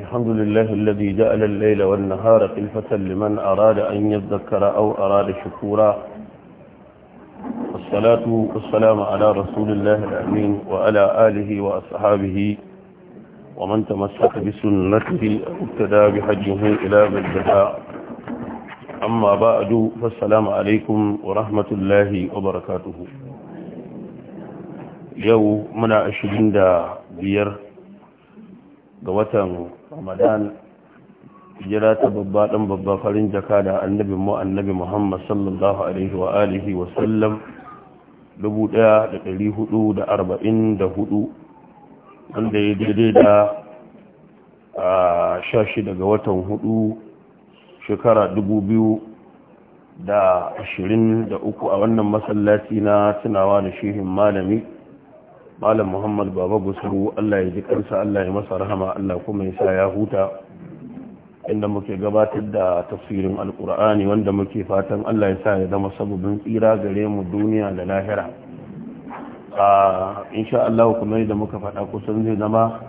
الحمد لله الذي جعل الليل والنهار خلفة لمن أراد أن يذكر أو أراد شكورا والصلاة والسلام على رسول الله الأمين وعلى آله وأصحابه ومن تمسك بسنته ابتدى بحجه إلى بالدفاع أما بعد فالسلام عليكم ورحمة الله وبركاته yau muna ashirin da biyar ga watan ramadan jira ta babba ɗan babba farin jaka da annabi mu annabi muhammad sallallahu alaihi wa alihi wa sallam 1444 wanda ya daidai da a shashi daga watan hudu shekara biyu. da ashirin da uku a wannan masallaci na tunawa da shehin malami malam muhammad baba gusuru allah ya ji karsa allah ya masa rahama allah kuma ya sa ya huta inda muke gabatar da tafsirin alkur'ani wanda muke fatan allah ya sa ya zama sabubin tsira gare mu duniya da lahira a insha allah kuma muka faɗa kusan zai zama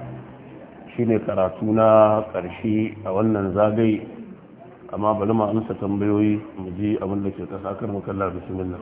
shine karatu na ƙarshe a wannan zagaye amma bari mu amsa tambayoyi mu ji abin da ke ƙasa mu mukalla bismillah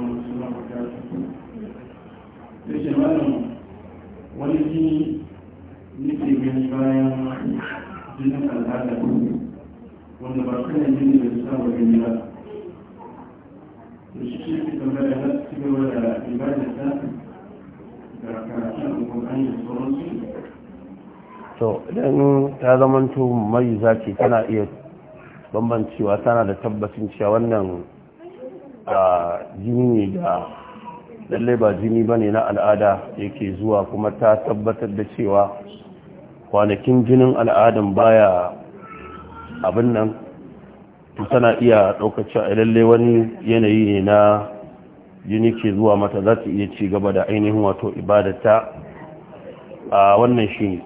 kan to idan ta zamanto mai zaki tana iya bambancewa tana da tabbacin cewa wannan jini da lallai ba jini ba ne na al'ada yake zuwa kuma ta tabbatar da cewa kwanakin jinin al'adan baya abin nan tana iya ɗaukaci a lalle wani yanayi ne na jini ke zuwa mata za ta iya ci gaba da ainihin wato ibadata a wannan shi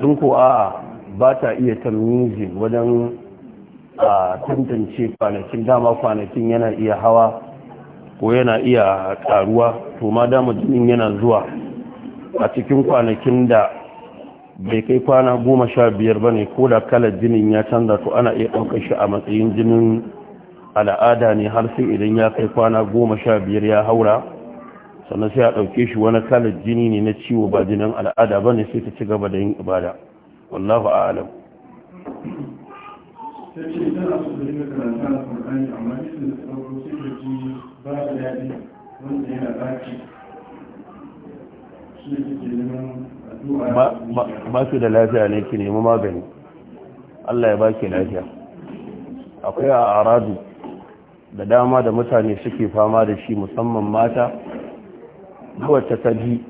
ne ko a'a ba ta iya tamyizi wajen a tantance kwanakin dama kwanakin yana iya hawa ko yana iya karuwa to ma dama jinin yana zuwa a cikin kwanakin da bai kai kwana goma sha biyar ba ne ko da kalar jinin ya canza to ana iya ɗaukar shi a matsayin jinin al'ada ne har sai idan ya kai kwana goma sha biyar ya haura sannan sai a ɗauke shi wani kalar jini ne na ciwo ba jinin al'ada ba ne sai ta ci gaba da yin ibada wallahu a'alam cikin neman ba su da lafiya ne ki nemi magani Allah ya ba baki lafiya akwai a aradu da dama da mutane suke fama da shi musamman mata wacce ta ji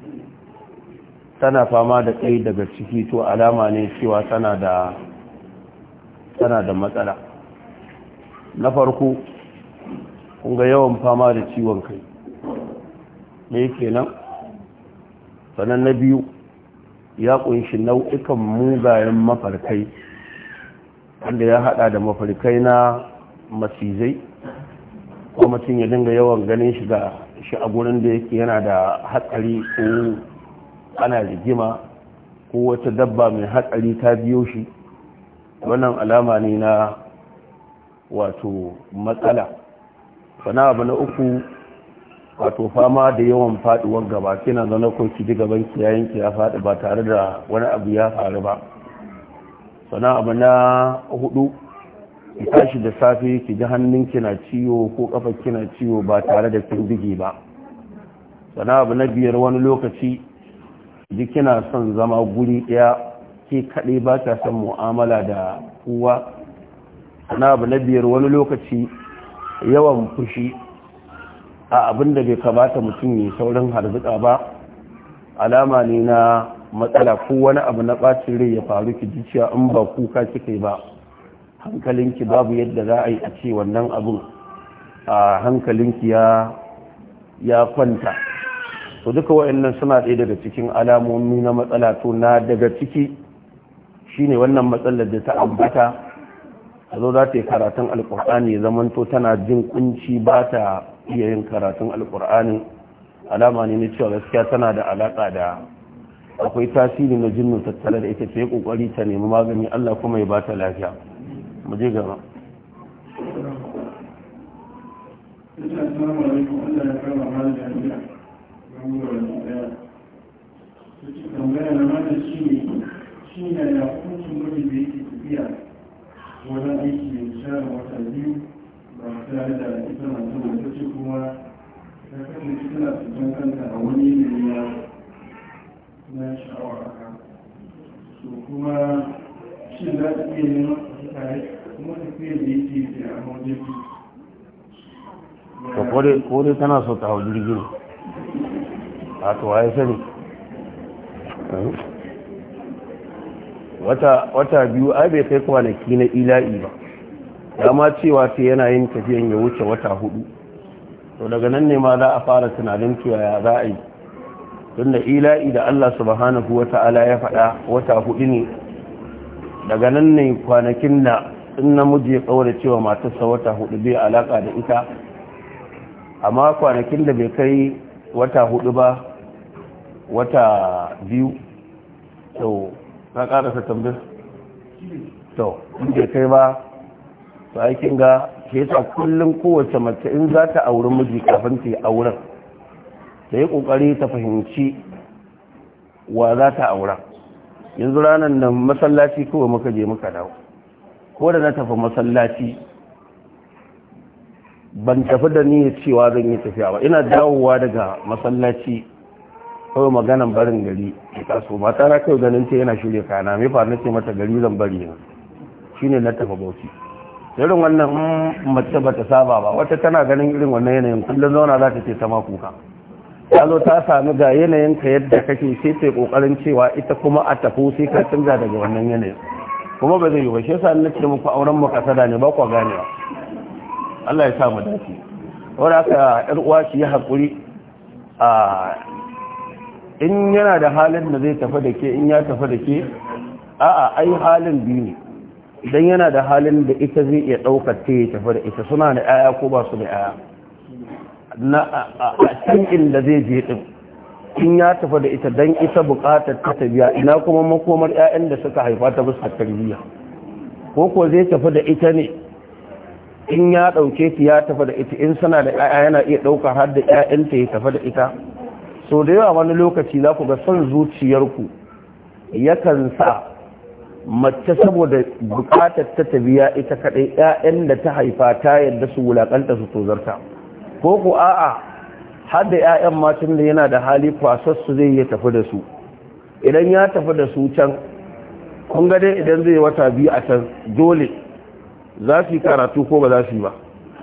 tana fama da kai daga ciki to alama ne cewa tana da tana da matsala na farko kunga yawan fama da ciwon kai me ke nan sannan na biyu ya kunshi nau'ikan mugayen mafarkai wanda ya haɗa da mafarkai na macizai ko mutum ya dinga yawan ganin shi ga shi a gurin da yake yana da hatsari ko ana rigima ko wata dabba mai hatsari ta biyo shi wannan alama ne na wato matsala sana abu na uku wato fama da yawan faduwar gaba kina zana ko ki ji gaban ki yayin ki ya fadi ba tare da wani abu ya faru ba sana abu na hudu ki tashi da safe ki ji hannun kina ciwo ko kafa kina ciwo ba tare da kin dige ba sana abu na biyar wani lokaci ji kina son zama guri daya ke kaɗai ba ta son mu'amala da kowa sana abu na biyar wani lokaci yawan fushi a abin da bai kamata mutum ne saurin harzuka ba alama ne na matsala ko wani abu na ɓacin rai ya faru ki ji in ba kuka kika yi ba hankalinki babu yadda za a yi a ce wannan abin a hankalinki ya ya kwanta to duka wa'annan suna ɗaya daga cikin alamomi na matsala to na daga ciki shine wannan matsalar da ta ambata a zo za ta yi karatun alkur'ani ne zamanto tana jin kunci ba ta iya yin karatun alƙur'anin alama ne na cewa gaskiya tana da alaƙa da akwai tasiri na jinnu tattala da ita sai ƙoƙari ta nemi magani Allah kuma ya bata lafiya mu je gaba wajen aiki da shara wata biyu ba tare da ita masu ce kuma ta shi tana cikin kanta a wani yanayi na sha'awar haka so kuma shi za ta iya neman tare kuma tafiyar da yake ke a mawajebi to kore tana so ta hau jirgin a to ya sani wata biyu ai bai kai kwanaki na ila'i ba dama cewa ta yana yin tafiyan ya wuce wata hudu to daga nan ne ma za a fara tunanin cewa ya za a yi tun da ila'i da Allah subhanahu ta'ala ya faɗa wata hudu ne daga nan ne kwanakin da in namiji ya kaura cewa matarsa wata hudu bai alaka da ita amma kwanakin da bai kai wata hudu ba wata biyu to na karasa tambir to bai kai ba to aikin ga shi yasa kullum kowace mace in za ta auri miji kafin ta yi auren ta yi kokari ta fahimci wa za ta aura yanzu ranar nan masallaci kawai muka je muka dawo ko da na tafi masallaci ban tafi da niyyar cewa zan yi tafiya ba ina dawowa daga masallaci kawai maganan barin gari ya taso mata na kai ganin ta yana shirya kana mai faru na ce mata gari zan bari yanzu shine na tafi bauchi irin wannan mace ba ta saba ba wata tana ganin irin wannan yanayin kullum zauna za ta ce ta makuka ya zo ta sami ga yanayin ka yadda kake sai ta kokarin cewa ita kuma a tafi sai ka canza daga wannan yanayin kuma ba zai yi ba shi yasa na ce muku auren mu kasada ne ba kwa ganewa Allah ya sa mu dace wanda aka yar uwa shi ya hakuri a in yana da halin da zai tafi da ke in ya tafi da ke a'a ai halin biyu ne idan yana da halin da ita zai iya daukar ta ya tafi da ita suna da yaya ko ba su da yaya na a cikin da zai je din. in ya tafi da ita don ita buƙatar ta tabiya ina kuma makomar ƴaƴan da suka haifa ta bisa tarbiyya ko ko zai tafi da ita ne in ya ɗauke ta ya tafi da ita in suna da 'ya'ya yana iya ɗaukar har da 'ya'yanta ya tafi da ita so da yawa wani lokaci za ku ga son zuciyarku yakan sa mace saboda bukatar ta tabiya ita kaɗai ‘ya'yan da ta haifa ta yadda su wulaƙanta su tozarta ko ku a'a har da ‘ya'yan matan da yana da hali su zai ya tafi da su idan ya tafi da su can kun dai idan zai wata biyu a can dole za su yi karatu ko ba za su yi ba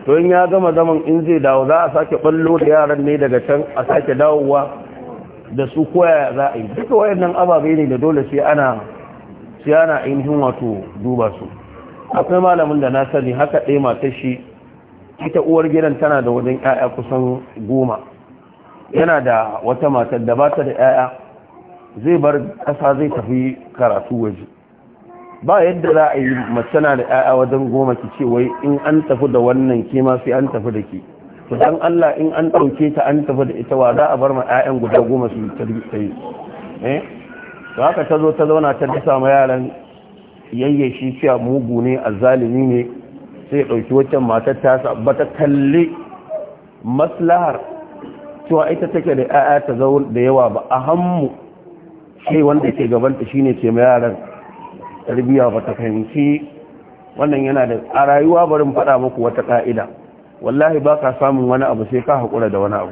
to in ya gama zaman in zai dawo za a sake ballo da yaran ne daga can a sake dawowa da su koya za a yi duka wayannan ababe ne da dole sai ana siyana ana ainihin wato duba su akwai malamin da na sani haka ɗaya matar shi ita uwar gidan tana da wajen 'ya'ya kusan goma yana da wata matar da bata da 'ya'ya zai bar ƙasa zai tafi karatu waje ba yadda za a yi macana da 'ya'ya wajen goma ki ce wai in an tafi da wannan ke ma sai an tafi da ke to dan Allah in an ɗauke ta an tafi da ita wa za a bar ma 'ya'yan guda goma su yi da haka ta zo ta zauna ta dasa ma yaran yayye cewa mugu ne zalimi ne sai ɗauki waccan matar ta ba ta kalli maslahar cewa ita take da 'ya'ya ta zo da yawa ba a hammu sai wanda ke gabanta shine ce ma yaran tarbiya ba ta fahimci wannan yana da a rayuwa bari barin faɗa muku wata ƙa'ida wallahi ba ka samun wani abu sai ka haƙura da wani abu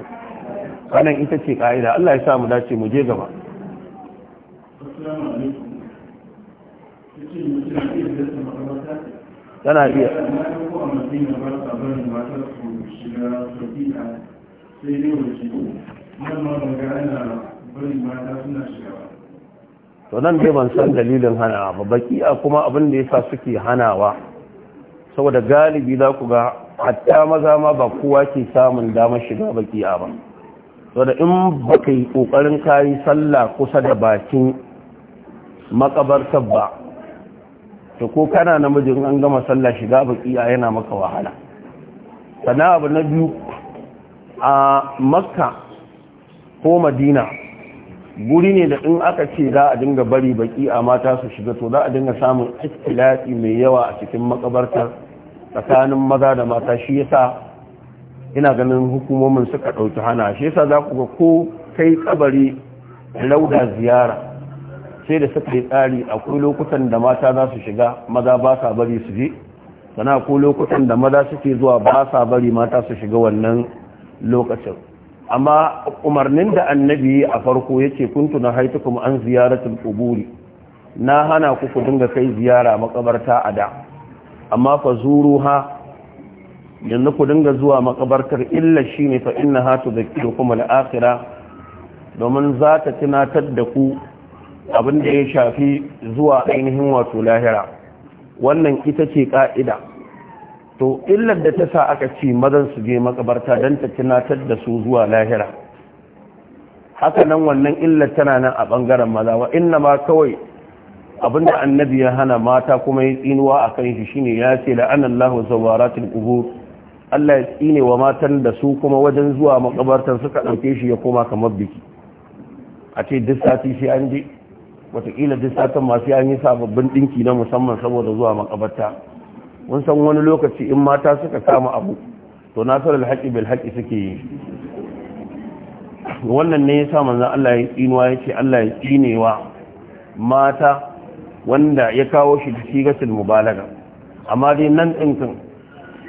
wannan ita ce ƙa'ida Allah ya sa mu dace mu je gaba tana iya to nan dai ban san dalilin hanawa ba a kuma abin da yasa suke hanawa saboda galibi za ku ga hatta maza ma ba kowa ke samun damar shiga a ba saboda in ka yi kokarin kayi sallah kusa da bakin makabartar ba to ko kana namijin an gama sallah shiga baki a yana maka wahala sana abu na biyu a makka ko madina guri ne da in aka ce za a dinga bari baki a mata su shiga to za a dinga samun ikilati mai yawa a cikin makabartar tsakanin maza da mata shi yasa ina ganin hukumomin suka ɗauki hana shi yasa za ku ga ko kai kabari lauda ziyara sai da suka yi tsari akwai lokutan da mata za su shiga maza ba sa bari su je sana ko lokutan da maza suke zuwa ba sa bari mata su shiga wannan lokacin amma umarnin da annabi a farko yake kuntu na haitukum an ziyaratul quburi na hana ku ku dinga kai ziyara makabarta a da amma fa zuruha yanzu ku dinga zuwa makabartar illa shine fa innaha tudhakkirukum al-akhirah domin za ta tunatar da ku abin da ya shafi zuwa ainihin wato lahira wannan ita ce ka'ida to illar da ta sa aka ci mazan su je makabarta don ta tunatar da su zuwa lahira haka nan wannan illar tana nan a bangaren maza wa inna ma kawai abin da annabi ya hana mata kuma ya tsinuwa a kan shi shine ya ce la'anallahu zawaratul qubur Allah ya tsine wa matan da su kuma wajen zuwa makabartar suka ɗauke shi ya koma kamar biki a ce duk sati sai an je wataƙila duk satan masu yanyi sababbin ɗinki na musamman saboda zuwa makabarta mun san wani lokaci in mata suka kama abu to nasarar haƙi bil haƙi suke yi wannan ne ya sa manzan Allah ya tsinuwa ya Allah ya tsinewa mata wanda ya kawo shi da sigatul mubalaga amma dai nan kan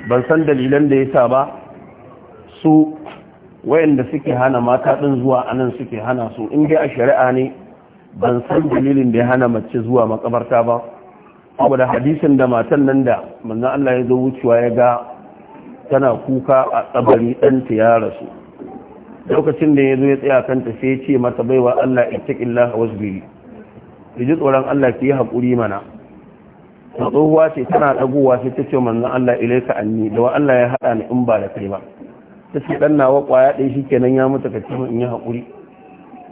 ban san dalilan da ya sa ba su wayanda suke hana mata din zuwa anan suke hana su in dai a shari'a ne ban san dalilin da ya hana mace zuwa makabarta ba saboda hadisin da matan nan da manzo Allah ya zo wucewa ya ga tana kuka a tsabari ta ya rasu lokacin da ya zo ya tsaya kanta sai ya ce mata baiwa Allah ittaqillaha wasbiri yaji ji tsoron Allah ki hakuri haƙuri mana tsohuwa ce tana ɗagowa sai ta ce manzo Allah ilaika anni da wa Allah ya haɗa ni in ba da kai ba ta ce ɗan nawa ƙwaya ɗaya shikenan ya mutu ka in yi hakuri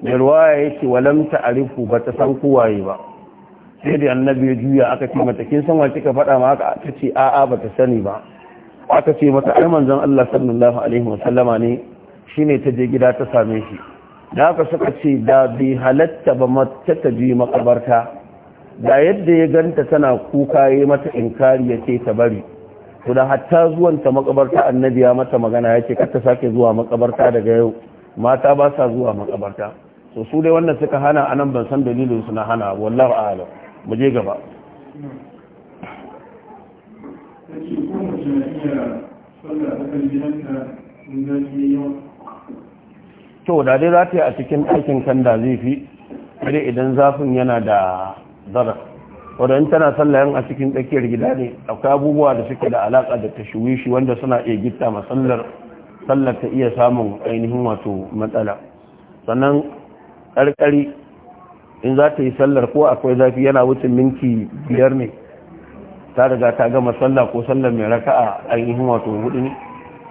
mai ruwaya yake a rufu ba ta san kowaye ba sai da annabi ya juya aka ce mata kin san wace ka faɗa ma aka ta ce a'a ba ta sani ba aka ce mata ai manzon Allah sallallahu alaihi wasallama ne shine ta je gida ta same shi da aka suka ce da bi halatta ba mata ta makabarta da yadda ya ganta tana kuka yi mata inkari ya ce ta bari to da hatta zuwanta makabarta annabi ya mata magana ya ce kar sake zuwa makabarta daga yau mata ba sa zuwa makabarta so su dai wannan suka hana a nan ban san dalilin su na hana wallahu a'lam mu je gaba to da dai za ta yi a cikin aikin kan da zai fi dai idan zafin yana da zara wadannan tana sallayan a cikin tsakiyar gida ne akwai abubuwa da suke da alaka da tashwishi wanda suna iya gitta masallar sallar ta iya samun ainihin wato matsala sannan karkari in za ta yi sallar ko akwai zafi yana wucin minti biyar ne ta riga ta gama sallah ko sallar mai raka'a ainihin wato hudu ne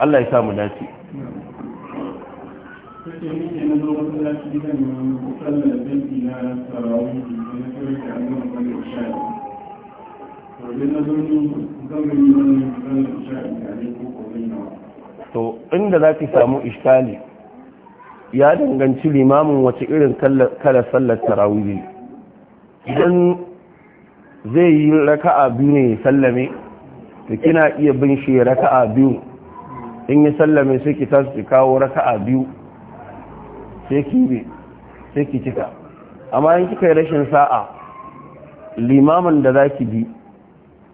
Allah ya sa mu dace to inda za ki samu iskali ya danganci limamin wace irin kala sallar tarawih idan zai yi raka'a biyu ne sallame da kina iya bin shi raka'a biyu in yi sallame sai ki tasu ki kawo raka'a biyu sai ki bi sai ki cika amma in kika yi rashin sa'a limamin da za ki bi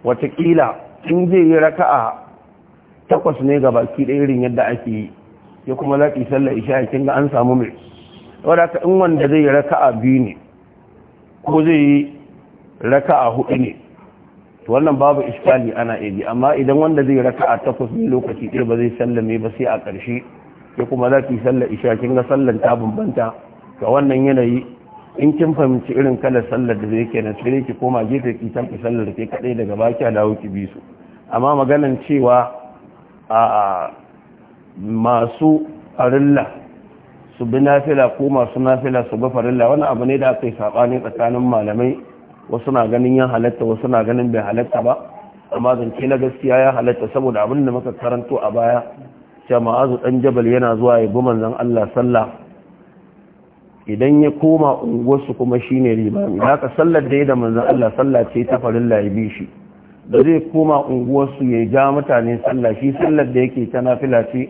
watakila in zai yi raka'a takwas ne ga baki ɗaya irin yadda ake yi ya kuma laƙi sallar isha kin ga an samu mai wadda in wanda zai raka'a biyu ne ko zai yi raka'a hudu ne to wannan babu iskali ana iya amma idan wanda zai raka'a takwas ne lokaci ɗaya ba zai sallame ba sai a ƙarshe ya kuma laƙi sallar isha kin ga sallar ta bambanta ga wannan yanayi in kin fahimci irin kalar sallar da zai kenan sai ki koma gefe ki tafi sallar ke kadai daga baki a dawo ki bi su amma maganan cewa a masu arilla su bi nafila ko masu nafila su bi farilla wani abu ne da aka yi saɓani tsakanin malamai wasu na ganin yan halatta wasu na ganin bai halatta ba amma zance na gaskiya ya halatta saboda abin da muka karanto a baya cewa ma'azu dan jabal yana zuwa ya bi zan Allah sallah idan ya koma unguwarsu kuma shine limami haka sallar da ya da manzan Allah sallah ce ta farilla ya bi shi da zai koma unguwarsu ya ja mutane sallah shi sallar da yake ta nafila ce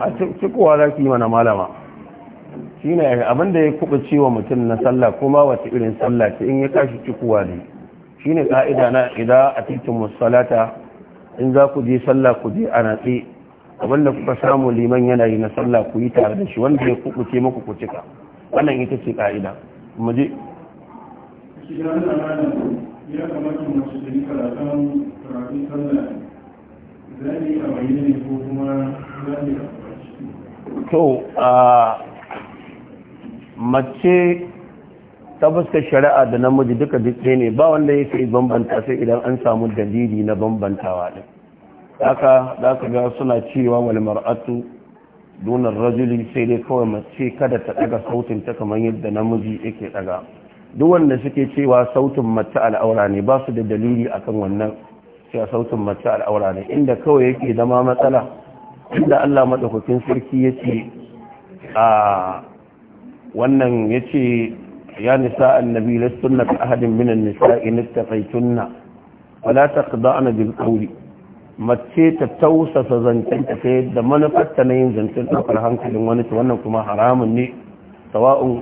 a kowa za ki yi mana malama shi ne abinda ya kuɓa wa mutum na sallah kuma wata irin sallah ce in ya kashi cikowa ne shi ne ƙa'ida na ida a titin musalata in za ku je sallah ku je a natsi abinda kuka samu liman yanayi na sallah ku yi tare da shi wanda ya kuɓuce maku ku cika wannan ita ce ka'ida mu je ya kamata mu karatun karatun sallah to a mace ta shari'a da namiji duka dukkan ne ba wanda ya sai bambanta sai idan an samu dalili na bambantawa din haka za ka ga suna cewa wal mar'atu duna rajuli sai dai kawai mace kada ta daga sautin ta kamar yadda namiji yake daga duk wanda suke cewa sautin mace al'aura ne ba su da dalili akan wannan cewa sautin mace al'aura ne inda kawai yake zama matsala inda Allah madaukakin sarki yace a wannan yace ya nisa annabi lastunna ka ahadin minan nisa nisa'i nistafaitunna wala taqda'na bil qawli mace ta tausasa zancen ta sai da manufarta na yin zancen ɗaukar hankalin wani ta wannan kuma haramun ne sawa'un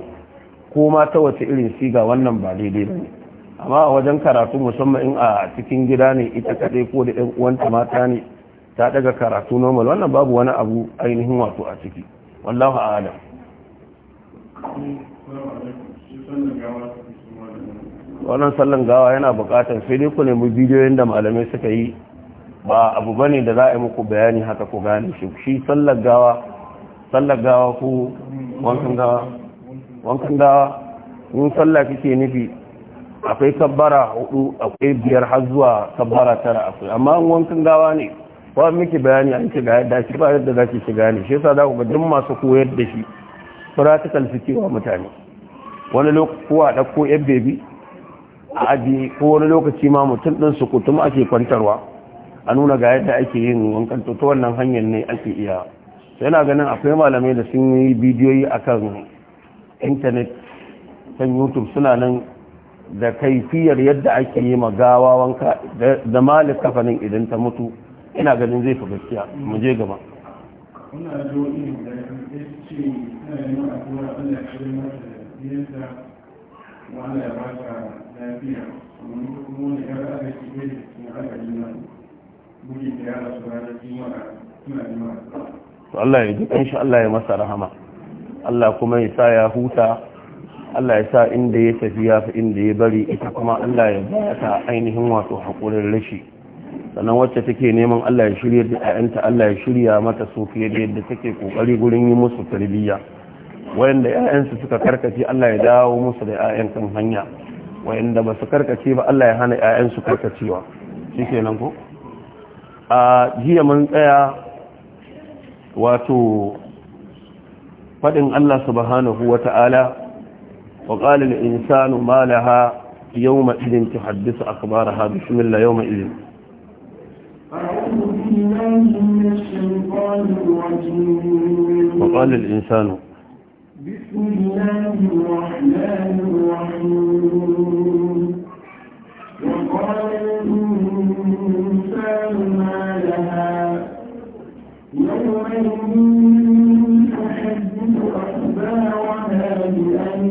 ko ta wace irin siga wannan ba daidai ba ne amma a wajen karatu musamman in a cikin gida ne ita kaɗai ko da wanta uwanta mata ne ta daga karatu normal wannan babu wani abu ainihin wato a ciki wallahu a'lam wannan sallan gawa yana bukatar sai dai ku nemi bidiyoyin da malamai suka yi ba abu bane da za a yi muku bayani haka ku gane shi shi sallar gawa sallar gawa ko wankan gawa wankan gawa in sallah kike nufi akwai kabbara hudu akwai biyar har zuwa kabbara tara akwai amma an wankan gawa ne ba miki bayani an shiga yadda shi ba yadda zaki shiga ne shi yasa za ku ga duk masu koyar da shi practical suke wa mutane wani lokaci ko a ɗauko yan bebi a aji ko wani lokaci ma mutum ɗin su kutum ake kwantarwa a nuna ga yadda ake yin wankan to ta wannan hanyar ne ake iya sai ganin akwai malamai da sun yi bidiyoyi akan intanet kan youtube suna nan da kaifiyar yadda ake yi ma gawa wanka da malik kafanin idan ta mutu ina ganin zai fi gaskiya mu je gaba Allah ya ji ƙanshi Allah ya masa rahama Allah kuma ya sa ya huta Allah ya sa inda ya tafi ya fi inda ya bari ita kuma Allah ya ba ta ainihin wato haƙurin rashi sannan wacce take neman Allah ya shirya da ayanta Allah ya shirya mata su fiye da yadda take ƙoƙari gurin yi musu tarbiyya wayanda 'ya'yansu suka karkace Allah ya dawo musu da 'ya'yan kan hanya wayanda ba su karkace ba Allah ya hana 'ya'yansu karkacewa shikenan ko a jiya mun tsaya wato faɗin Allah subhanahu wata'ala وقال الإنسان ما لها يومئذ تحدث أخبارها بسم الله يومئذ وقال الإنسان بسم الله الرحمن الرحيم وقال الإنسان ما لها يومئذ تحدث أخبارها بأن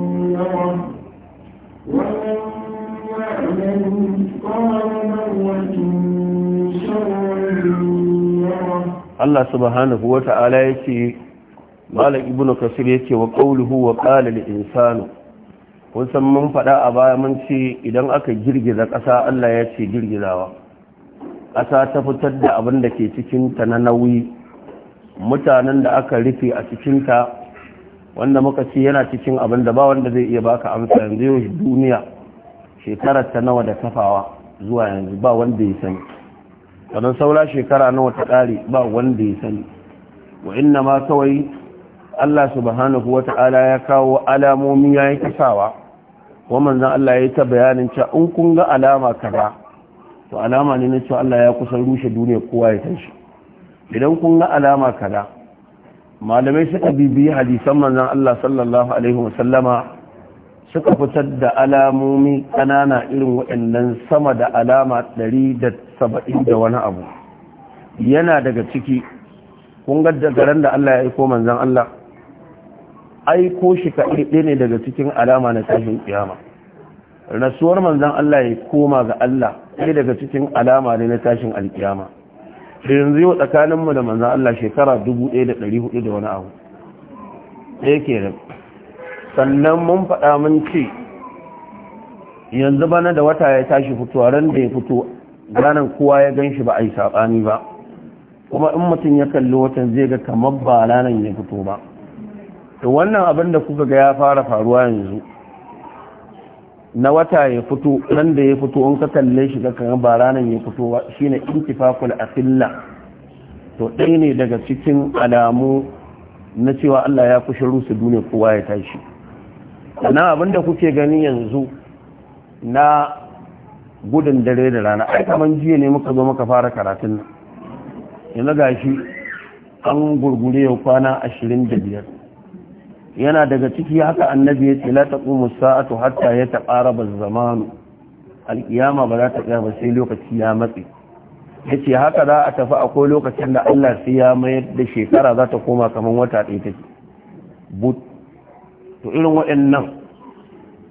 Allah subhanahu wa ta'ala ce, malam ibnu kasir ya ce wa qawluhu wa qala lil insanu kun san mun faɗa a baya mun ce idan aka girgiza ƙasa Allah ya ce girgizawa ƙasa ta fitar da abin da ke cikinta na nauyi mutanen da aka rufe a cikinta wanda muka ce yana cikin abin da ba wanda zai iya baka amsa yanzu yau duniya shekarar ta nawa da kafawa zuwa yanzu ba wanda ya sani kadan saura shekara nawa ta ƙare ba wanda ya sani wa inna ma kawai Allah subhanahu wata'ala ya kawo alamomi ya yi kasawa wa manzan Allah ya yi ta bayanin cewa in kun ga alama kaza to alama ne na cewa Allah ya kusan rushe duniya kowa ya san shi idan kun ga alama kaza malamai suka bibiyi hadisan manzan Allah sallallahu alaihi wasallama suka fitar da alamomi ƙanana irin waɗannan sama da alama ɗari saba'in da wani abu yana daga ciki kun ga garin da Allah ya aiko manzan Allah aiko shi ka ne daga cikin alama na tashin kiyama rasuwar manzan Allah ya koma ga Allah ne daga cikin alama ne na tashin alkiyama yanzu yau tsakaninmu da manzan Allah shekara 1400 da wani abu ɗaya ke da sannan mun faɗa mun ce yanzu bana da wata ya tashi fito ran da ya fito ranar kowa ya gan shi ba a yi saɓani ba kuma in mutum ya kalli watan zai ga kamar ba ranar ya fito ba to wannan abin da kuka ga ya fara faruwa yanzu na wata ya fito nan da ya fito in ka kalle shi ga kamar ba ranar ya fito ba shine a filla to ɗaya ne daga cikin alamu na cewa Allah ya fushi rusu duniya kowa ya tashi sannan abin da kuke gani yanzu na gudun dare da rana ai kaman jiya ne muka zo muka fara karatun nan yanzu shi an gurgure yau kwana ashirin da biyar yana daga ciki haka annabi ya ce la taqumu sa'atu hatta ya yataqaraba az-zamanu alkiyama ba za ta tsaya ba sai lokaci ya matse yace haka za a tafi akwai lokacin da Allah sai ya mayar da shekara za ta koma kaman wata ɗaya take but to irin waɗannan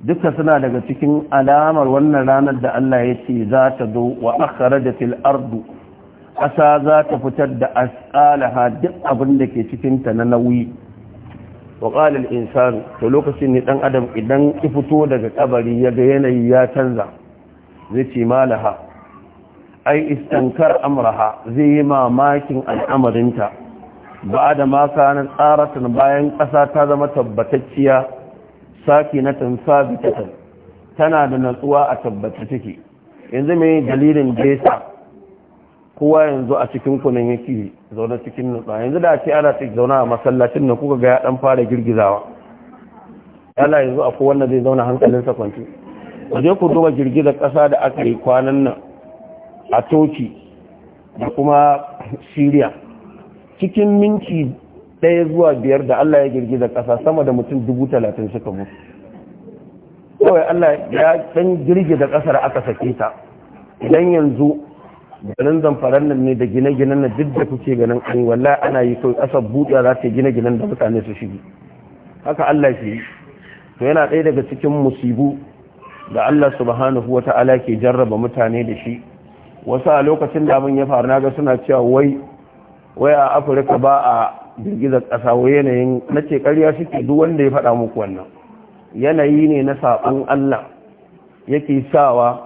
duka suna daga cikin alamar wannan ranar da Allah ya ce za ta zo wa akhrajatil ardu ƙasa za ta fitar da asalaha duk abin da ke cikin ta na nauyi wa qala al insan to lokacin ne dan adam idan ki fito daga kabari yaga yanayi ya canza zai ce malaha ai istankar amraha zai yi mamakin al'amarinta ba da ma kanan tsaratan bayan ƙasa ta zama tabbatacciya sakinatan sabitatan tana da natsuwa a tabbata take yanzu mai dalilin jesa kowa yanzu a cikin kunan yake zaune cikin nutsa yanzu da ce ana cikin zauna a masallacin nan kuka ga ya dan fara girgizawa yana yanzu a kowanne zai zauna hankalinsa kwanci waje ku duba girgizar ƙasa da aka yi kwanan nan a toki da kuma siriya cikin minti ɗaya zuwa biyar da Allah ya girgiza ƙasa sama da mutum dubu talatin suka mutu kawai Allah ya ɗan girgiza ƙasar aka sake ta idan yanzu ganin zamfaran nan ne da gine-ginen na duk da kuke ganin an wallahi ana yi kawai ƙasar buɗe za ta gine-ginen da mutane su shige haka Allah ke yi. to yana ɗaya daga cikin musibu da Allah subhanahu wa ta'ala ke jarraba mutane da shi wasu a lokacin da abin ya faru na ga suna cewa wai wai a afirka ba a girgizar ƙasa wa yanayin na ce ƙarya suke duk wanda ya faɗa muku wannan yanayi ne na saɓon Allah yake sawa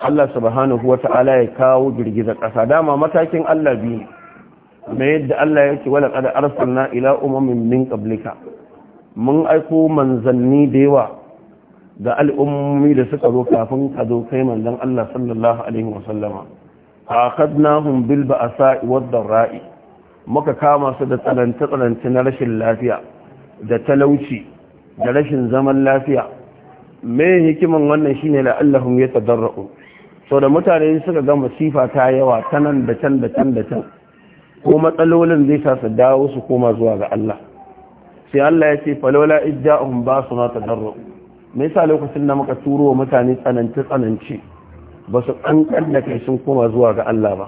Allah subhanahu wa ta'ala ya kawo girgizar ƙasa dama matakin Allah biyu ne yadda Allah yake wala qad na ila umamin min ƙablika mun aiko manzanni da yawa ga al'ummi da suka zo kafin ka zo kai manzon Allah sallallahu alaihi wa sallama bilba a sa'i wadda ra'i. muka kama su da tsananta-tsananta na rashin lafiya da talauci da rashin zaman lafiya mai hikiman wannan shine la'allahum ya tadarra'u sau da mutane suka ga masifa ta yawa ta nan da can da can da can ko matsalolin zai sa su dawo su koma zuwa ga Allah sai Allah ya ce falola ijja'uhum ba su na tadarra'u me yasa lokacin da muka turo wa mutane tsananta-tsananci ba su kankan da kai sun koma zuwa ga Allah ba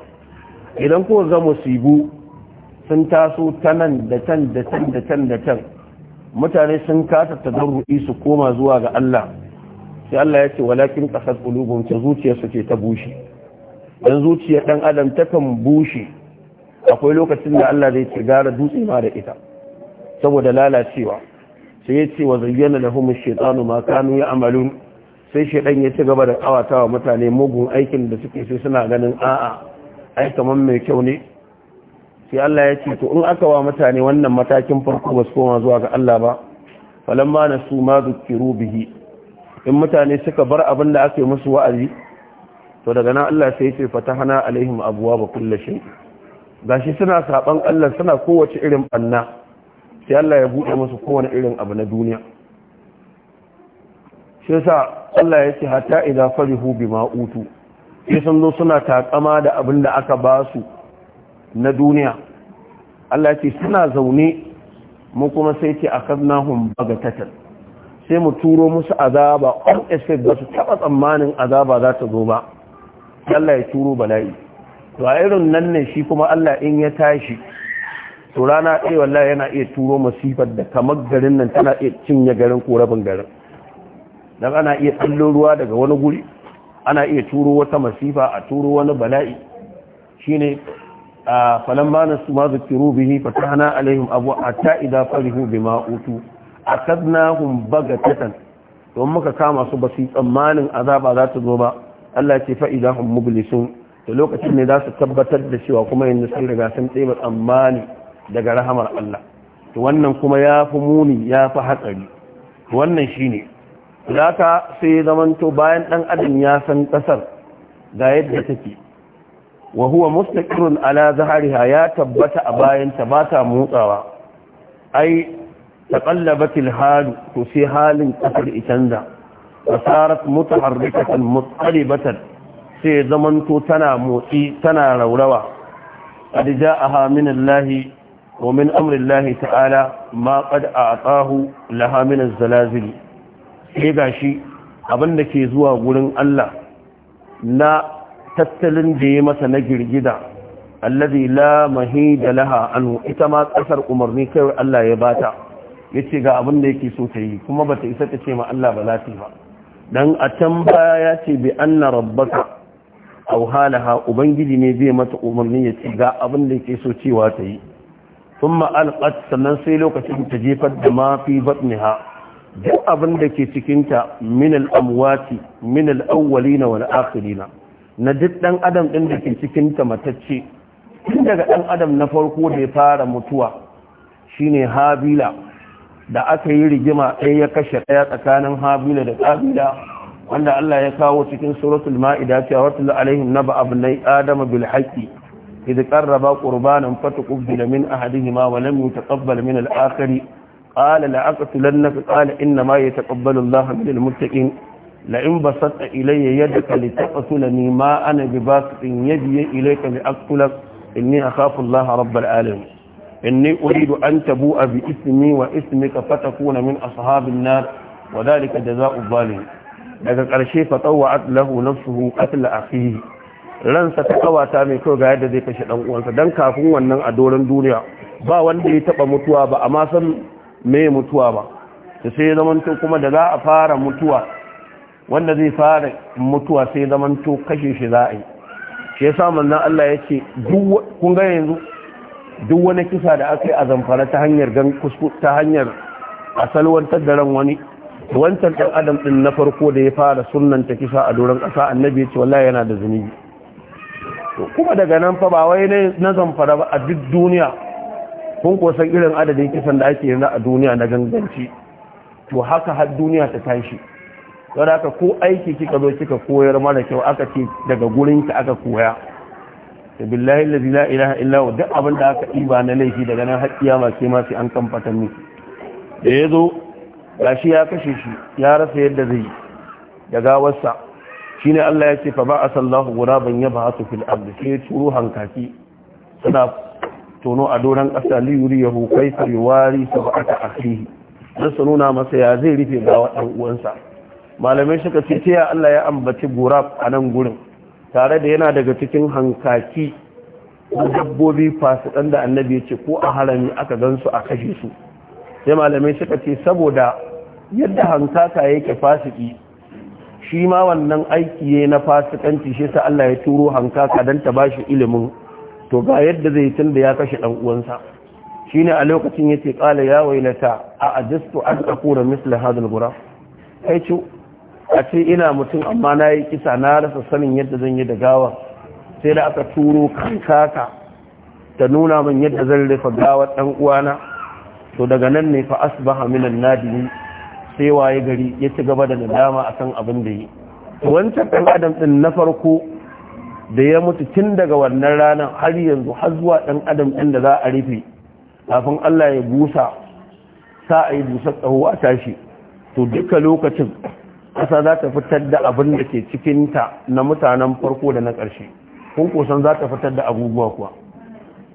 idan ko ga musibu sun taso ta nan da can da can da can da can mutane sun kasa tadarru'i su koma zuwa ga Allah sai Allah ya ce walakin kasar qulubum ta zuciyarsu ce ta bushe dan zuciyar dan adam ta kan bushe akwai lokacin da Allah zai ce gara dutse ma da ita saboda lalacewa sai ya ce wa zayyana da ash-shaytanu ma kanu ya'malun sai shaidan ya ci gaba da kawata wa mutane mugun aikin da suke sai suna ganin a'a ai kamar mai kyau ne sai Allah ya ce to in aka wa mutane wannan matakin farko ba su koma zuwa ga Allah ba falamma na su ma zukiru bihi in mutane suka bar abin da aka yi musu wa'azi to daga nan Allah sai ya hana fatahana alaihim abuwa ba kullu shay gashi suna saban Allah suna kowace irin banna sai Allah ya bude musu kowane irin abu na duniya shi sa Allah ya ce hatta idza farihu bima utu sai sun zo suna takama da abin da aka ba su na duniya Allah ce suna zaune mu kuma sai ce akadnahum bagatatan sai mu turo musu azaba on escape ba su taba tsammanin azaba za ta zo ba Allah ya turo bala'i to a irin nan ne shi kuma Allah in ya tashi to rana ɗaya wallahi yana iya turo masifar da kamar garin nan tana iya cinye garin ko rabin garin dan ana iya tsallo ruwa daga wani guri ana iya turo wata masifa a turo wani bala'i shine falon ba na su ma zukiru bihi fa tahana alaihim abu hatta idza farihu bima utu akadnahum bagatatan to muka kama su basi, tsammanin azaba za ta zo ba Allah ce fa idza hum to lokacin ne za su tabbatar da cewa kuma yanzu sun riga sun tsaye tsammani daga rahamar Allah to wannan kuma ya fi muni ya fi hatsari wannan shine zaka sai zamanto bayan dan adam ya san kasar Da yadda take wa huwa mustaqirun ala zahariha ya tabbata a bayan ta ba ta motsawa ai taqallabat al-hal to sai halin kasar itanza fasarat mutaharrikatan mutqalibatan sai zamanto tana motsi tana raurawa adija a min Allah wa min amri Allah ta'ala ma qad a'tahu laha min az sai gashi abinda ke zuwa gurin Allah na tattalin da ya masa na girgida allazi la mahida laha an ita ma kasar umarni kai Allah ya bata yace ga abin da yake so ta yi kuma bata isa ta ce ma Allah ba lati ba dan a can baya yace bi anna rabbaka aw halaha ubangiji ne zai mata umarni ya ga abin da yake so cewa ta yi thumma alqat sannan sai lokacin ta jefar da ma fi batniha duk abin da ke cikinta min al amwati min al awwalina wal akhirina na duk ɗan adam ɗin da ke cikin ta matacce tun daga ɗan adam na farko da ya fara mutuwa shine habila da aka yi rigima ɗaya ya kashe ɗaya tsakanin habila da ƙabila wanda Allah ya kawo cikin suratul ma'ida cewa watul na naba abnai adama bil haqqi idh qarraba qurbanan ƙubbila min ahadihima wa lam yutaqabbal min al akhari qala la aqtulannaka qala inna ma yataqabbalu Allahu min al muttaqin la'in ba sata ilayya yadda ka litaɓa ni ma ana bi ba su in yadiye ilayka bi kafin inni akhafu Allah rabbal alamin inni uridu an a bi ismi wa fata kuna min ashabin nar wa dhalika jazaa'u zalim daga ƙarshe fa tawwa'at lahu nafsuhu a akhihi ransa ta kawata mai kyau ga yadda zai kashe ɗan uwansa dan kafin wannan a doron duniya ba wanda ya taɓa mutuwa ba amma san me mutuwa ba to sai zaman kuma da za a fara mutuwa wanda zai fara mutuwa sai zamanto kashe shi za a yi shi samun nan Allah ya ce kun ga yanzu duk wani kisa da aka yi a zamfara ta hanyar gan ta hanyar asalwantar da ran wani wancan ɗan adam ɗin na farko da ya fara sunanta kisa a doron ƙasa annabi ya ce wallahi yana da zunubi kuma daga nan fa ba wai na zamfara ba a duk duniya kun kosan irin adadin kisan da ake na a duniya na ganganci to haka har duniya ta tashi don haka ko aiki kika zo kika koyar mara kyau aka ce daga gurin ka aka koya da billahi la ilaha illa wa duk abin da aka ɗiba na laifi daga nan haƙƙiya ma sai ma sai an kamfata miki da ya zo gashi ya kashe shi ya rasa yadda zai da gawarsa shine Allah ya ce fa ba asallahu yaba yabhasu fil ardi sai turo hankaki suna tono a doron ƙasa liyuri ya hukai sai wari sab'ata akhihi dan su nuna masa ya zai rufe gawar ɗan uwansa malamai suka ce ta Allah ya ambaci gurab a nan gurin tare da yana daga cikin hankaki dabbobi fasikan da annabi ya ce ko a harami aka gansu a kashe su sai malamai suka ce saboda yadda hankaka yake fasiki shi ma wannan aiki ne na fasikanci shi sa Allah ya turo hankaka don ta bashi ilimin to ga yadda zai tun da ya kashe dan uwansa shine a lokacin yace qala ya wailata a ajistu an akuna misli hadal gura kai ci a ce ina mutum amma na yi kisa na rasa sanin yadda zan yi da gawa sai da aka turo kankaka ta nuna min yadda zan rufe gawar ɗan uwana to daga nan ne fa asbaha minan nadini sai waye gari ya ci gaba da nadama akan abin da yi wancan ɗan adam ɗin na farko da ya mutu tun daga wannan ranar har yanzu har zuwa ɗan adam ɗin da za a rufe kafin Allah ya busa sa a yi busar tsawo a tashi to duka lokacin ƙasa za ta fitar da abin da ke cikinta na mutanen farko da na ƙarshe kun kusan za ta fitar da abubuwa kuwa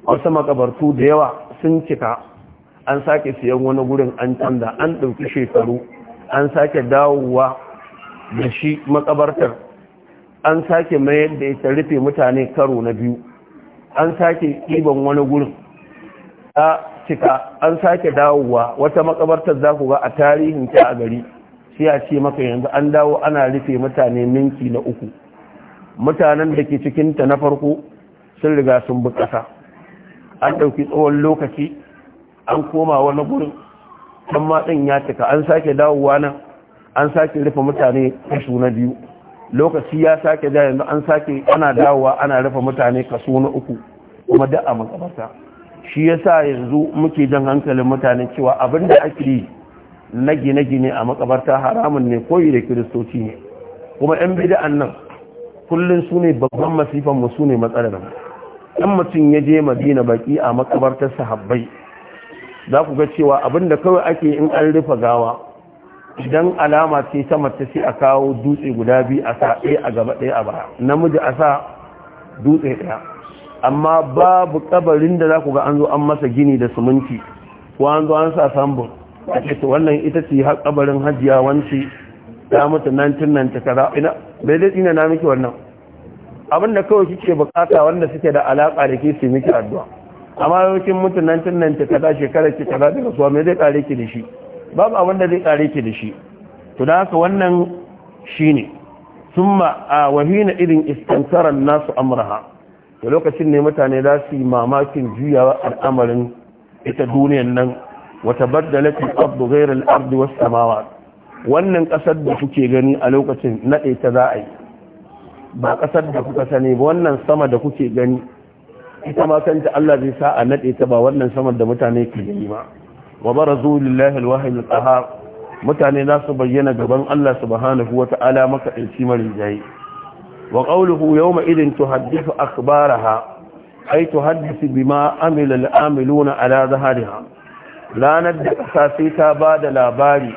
a wasu makabartu da yawa sun cika an sake siyan wani gurin an canza an ɗauki shekaru an sake dawowa da shi makabartar an sake mayar da ita rufe mutane karo na biyu an sake ɗiban wani gurin a cika an sake dawowa wata makabartar za ku ga a tarihin ta a gari sai a ce maka yanzu an dawo ana rufe mutane ninki na uku mutanen da ke cikinta na farko sun riga sun bi ƙasa an ɗauki tsawon lokaci an koma wani gurin ɗan matsin ya cika an sake dawowa nan an sake rufe mutane kasu na biyu lokaci ya sake da yanzu an sake ana dawowa ana rufe mutane kasu na uku kuma da a makabarta shi yasa yanzu muke jan hankalin mutane cewa abin da ake yi na gine-gine a makabarta haramun ne koyi da kiristoci ne kuma 'yan bida'an nan kullum su ne babban masifan mu su ne matsalar mu ɗan mutum ya je ma madina baki a makabartar sahabbai za ku ga cewa abinda kawai ake in an rufe gawa idan alama ce ta mace sai a kawo dutse guda biyu a sa ɗaya a gaba ɗaya a baya namiji a sa dutse ɗaya amma babu kabarin da za ku ga an zo an masa gini da siminti ko an zo an sa sambon a to wannan ita ce har kabarin hajiya wance ta mutu nan tun nan ta ina bai dai tsina na miki wannan abin da kawai kike bukata wanda suke da alaka da ke su miki addu'a amma yawancin mutu nan tun nan ta kaza shekarar ki kaza daga suwa me zai kare ki da shi babu abin da zai kare ki da shi to da haka wannan shine summa a wahina irin iskantaran nasu amraha to lokacin ne mutane za su yi mamakin juyawa al'amarin ita duniyan nan wata baddalati abdu ghayra al wasu was wannan ƙasar da kuke gani a lokacin naɗe ta za a yi ba ƙasar da kuka sani ba wannan sama da kuke gani ita ma kanta Allah zai sa a naɗe ta ba wannan sama da mutane ke gani ba wa barazu lillahi al mutane za su bayyana gaban Allah subhanahu wa ta'ala maka ɗauki marijayi wa yau ma idin Ai akhbaraha ay tuhaddithu bima amila al-amiluna ala dhahriha ranar da ƙasa sai ta ba da labari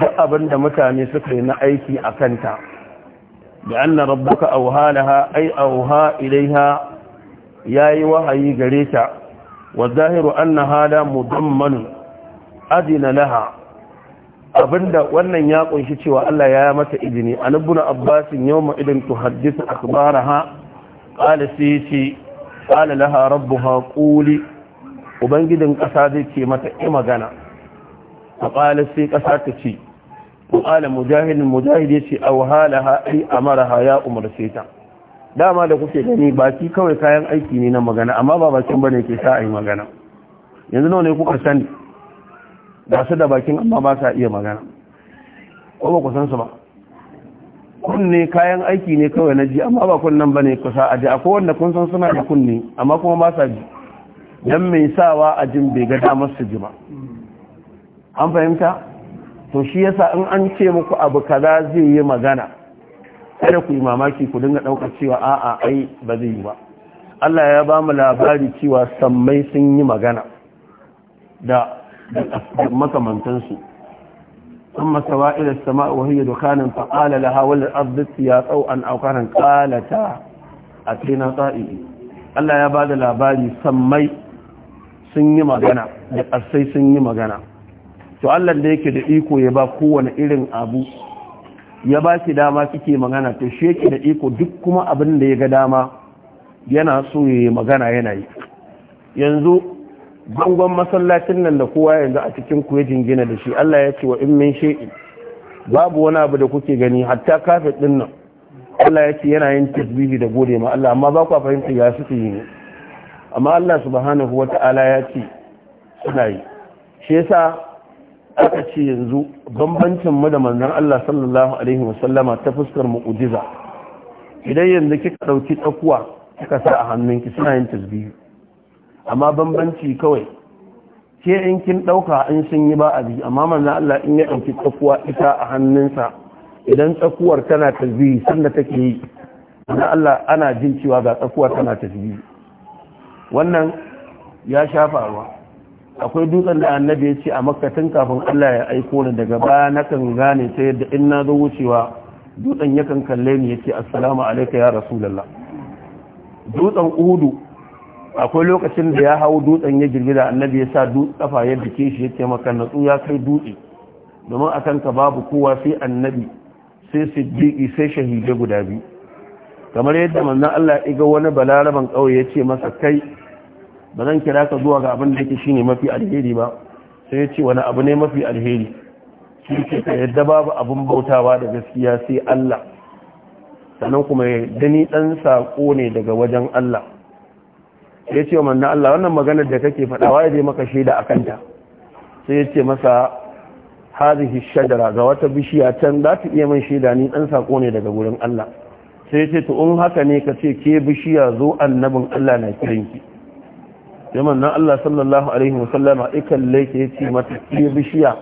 duk abin da mutane suka yi na aiki a kanta da an na rabbuka auha laha ai auha ilaiha ya yi wahayi gare ta wa zahiru an na hada mudamman adina laha abinda wannan ya kunshi cewa Allah ya yi mata izini an ibn abbas yawma idan tuhaddisu akhbaraha qala sayti qala laha rabbuha ubangijin ƙasa zai ce mata yi magana a ƙalar sai ƙasa ta ce ƙwaƙala mujahidin mujahidi ce a wahala haɗi a maraha ya umarce ta dama da kuke gani baki kawai kayan aiki ne na magana amma ba bakin ba ne ke sa a yi magana yanzu nawa ne kuka sani ba su da bakin amma ba sa iya magana ko ba ku san su ba kunne kayan aiki ne kawai na ji amma ba kunnen ba ne kusa a ji akwai wanda kun san suna da kunne amma kuma ba sa ji don mai sawa a jin bai ga damar su jima an fahimta to shi yasa in an ce muku abu kaza zai yi magana kada ku yi mamaki ku dinga ɗaukar cewa a'a ai ba zai yi ba Allah ya ba mu labari cewa sammai sun yi magana da makamantansu ثم سواء إلى السماء وهي laha wal لها ya يا an أو kalata a أتينا طائعين Allah ya ba da labari sammai sun yi magana da ƙarsai sun yi magana to Allah da yake da iko ya ba kowane irin abu ya ba ki dama kike magana to shi yake da iko duk kuma abin da ya ga dama yana so ya yi magana yana yi yanzu bangon masallacin nan da kowa yanzu a cikin ku ya jingina da shi Allah ya ce wa in min shay'in babu wani abu da kuke gani hatta kafin din Allah ya ce yana yin tasbihi da gode ma Allah amma ba ku fahimta ya suke yi ne amma Allah subhanahu wata'ala ya ce suna yi shi yasa aka ce yanzu bambancin mu da manzon Allah sallallahu alaihi wa sallama ta fuskar mu'jiza idan yanzu kika dauki tsakuwa kika sa a hannunki suna yin tasbihu amma bambanci kawai ke in kin dauka in sun yi ba a amma manzon Allah in ya dauki tsakuwa ita a hannunsa idan tsakuwar tana tasbihi sanda take yi Allah ana jin cewa ga tsakuwar tana tasbihi wannan ya sha faruwa akwai dutsen da annabi ya ce a tun kafin Allah ya aiko ni daga baya na kan gane sai yadda in na zo wucewa dutsen yakan kalle ni ya ce assalamu alaika ya rasulallah dutsen udu akwai lokacin da ya hau dutsen ya girgiza annabi ya sa kafa ya dike shi yake maka natsu ya kai dutse domin a ka babu kowa sai annabi sai siddiqi sai shahidai guda biyu kamar yadda manzon Allah ya ga wani balaraban kauye ya ce masa kai ba zan kira ka zuwa ga abin da yake shine mafi alheri ba sai ya ce wani abu ne mafi alheri shi ke ka yadda babu abin bautawa da gaskiya sai Allah sannan kuma ya dani dan sako ne daga wajen Allah ya ce wa Allah wannan maganar da kake faɗawa ya je maka shaida a kanta sai ya ce masa hazihi shajara ga wata bishiya can za ta iya min shaida ni dan sako ne daga gurin Allah sai ce to in haka ne ka ce ke bishiya zo annabin Allah na kiranki sai manzon Allah sallallahu alaihi wasallama ikalle ke ce mata ke bishiya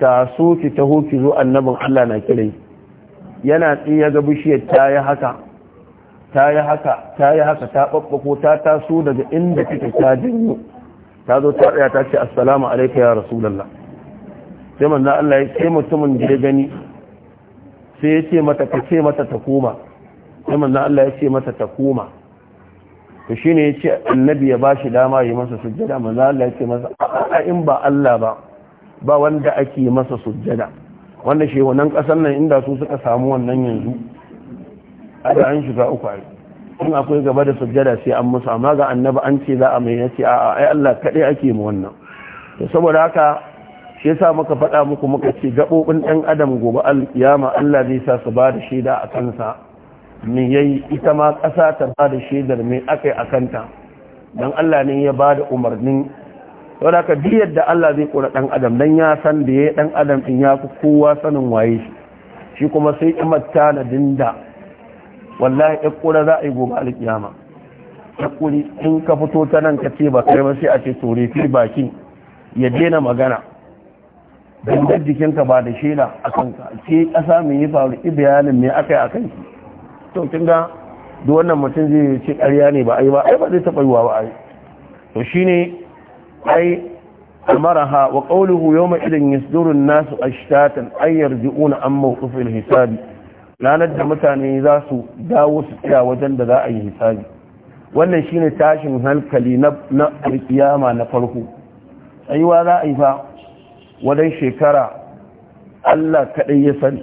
ta so ki taho ki zo annabin Allah na kiranki yana tsiya ga bishiyar ta yi haka ta yi haka ta yi haka ta babbako ta taso daga inda kike ta jinyo ta zo ta tsaya ta ce assalamu alaikum ya rasulullah sai manzon Allah ya ce mutumin da ya gani sai ya ce mata ka ce mata ta koma sai manzan Allah ya ce masa ta koma to ne ya ce annabi ya ba shi dama yi masa sujjada manzan Allah ya ce masa a in ba Allah ba ba wanda ake masa sujjada wanda shi wannan kasar nan inda su suka samu wannan yanzu a da an shiga uku ai in akwai gaba da sujjada sai an musu amma ga annabi an ce za a mai yace a'a ai Allah kadai ake mu wannan to saboda haka shi yasa muka faɗa muku muka ce gabobin ɗan adam gobe alƙiyama Allah zai sa su ba da shaida a kansa me yayi ita ma ƙasa ta ba da shaidar mai aka yi a kanta don Allah ne ya ba da umarnin wadda ka da Allah zai kura ɗan adam don ya san da ya yi ɗan adam ɗin ya fi kowa sanin waye shi shi kuma sai mata na dinda. wallahi ya kura za a yi gobe alƙiyama ya kuri in ka fito ta nan ka ce ba kai ba sai a ce tore fi baki ya dena magana dangar jikinka ba da shaida a kanka ke ƙasa mai yi faru ibiyanin me aka yi a kanki to kin ga duk wannan mutum zai ce ƙarya ne ba ai ba ai ba zai taɓa wa ba ai to shine ai amaraha wa qawluhu yawma idin yasduru an-nasu ashtatan ay yarji'una an mawqifil hisab ranar da mutane za su dawo su tsaya wajen da za a yi hisabi wannan shine tashin hankali na na kiyama na farko tsayuwa za a yi fa wadan shekara Allah kaɗai ya sani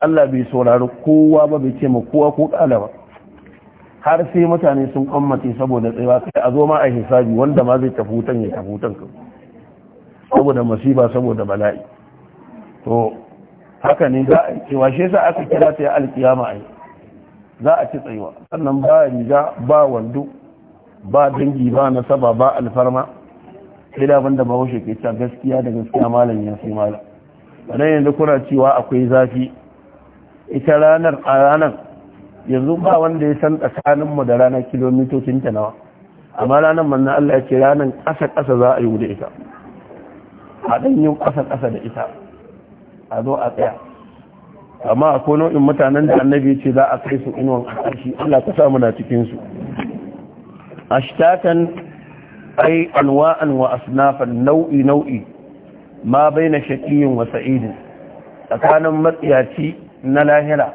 Allah bai saurari kowa ba bai ce ma kowa ko kala ba har sai mutane sun kwammace saboda tsayawa sai a zo ma a hisabi wanda ma zai tafi wutan ya tafi wutan saboda masifa saboda bala'i to haka ne za a cewa shi yasa aka kira ta ya alkiyama ai za a ci tsayuwa sannan ba riga ba wando ba dangi ba nasaba ba alfarma sai da abin da ke ta gaskiya da gaskiya malam ya sai malam sannan yanzu kuna cewa akwai zafi ita ranar a ranar yanzu ba wanda ya san tsakaninmu da ranar kilomitocin ta nawa amma ranar manna Allah ya ce ranar ƙasa-ƙasa za a yi da ita a yin ƙasa-ƙasa da ita a zo a tsaya amma a kono in mutanen da annabi ce za a kai su inuwan a ƙarshi Allah ka samu na cikinsu ashtatan ai alwa'an wa asnafan nau'i nau'i ma bai na wa sa'idin tsakanin matsiyaci na lahira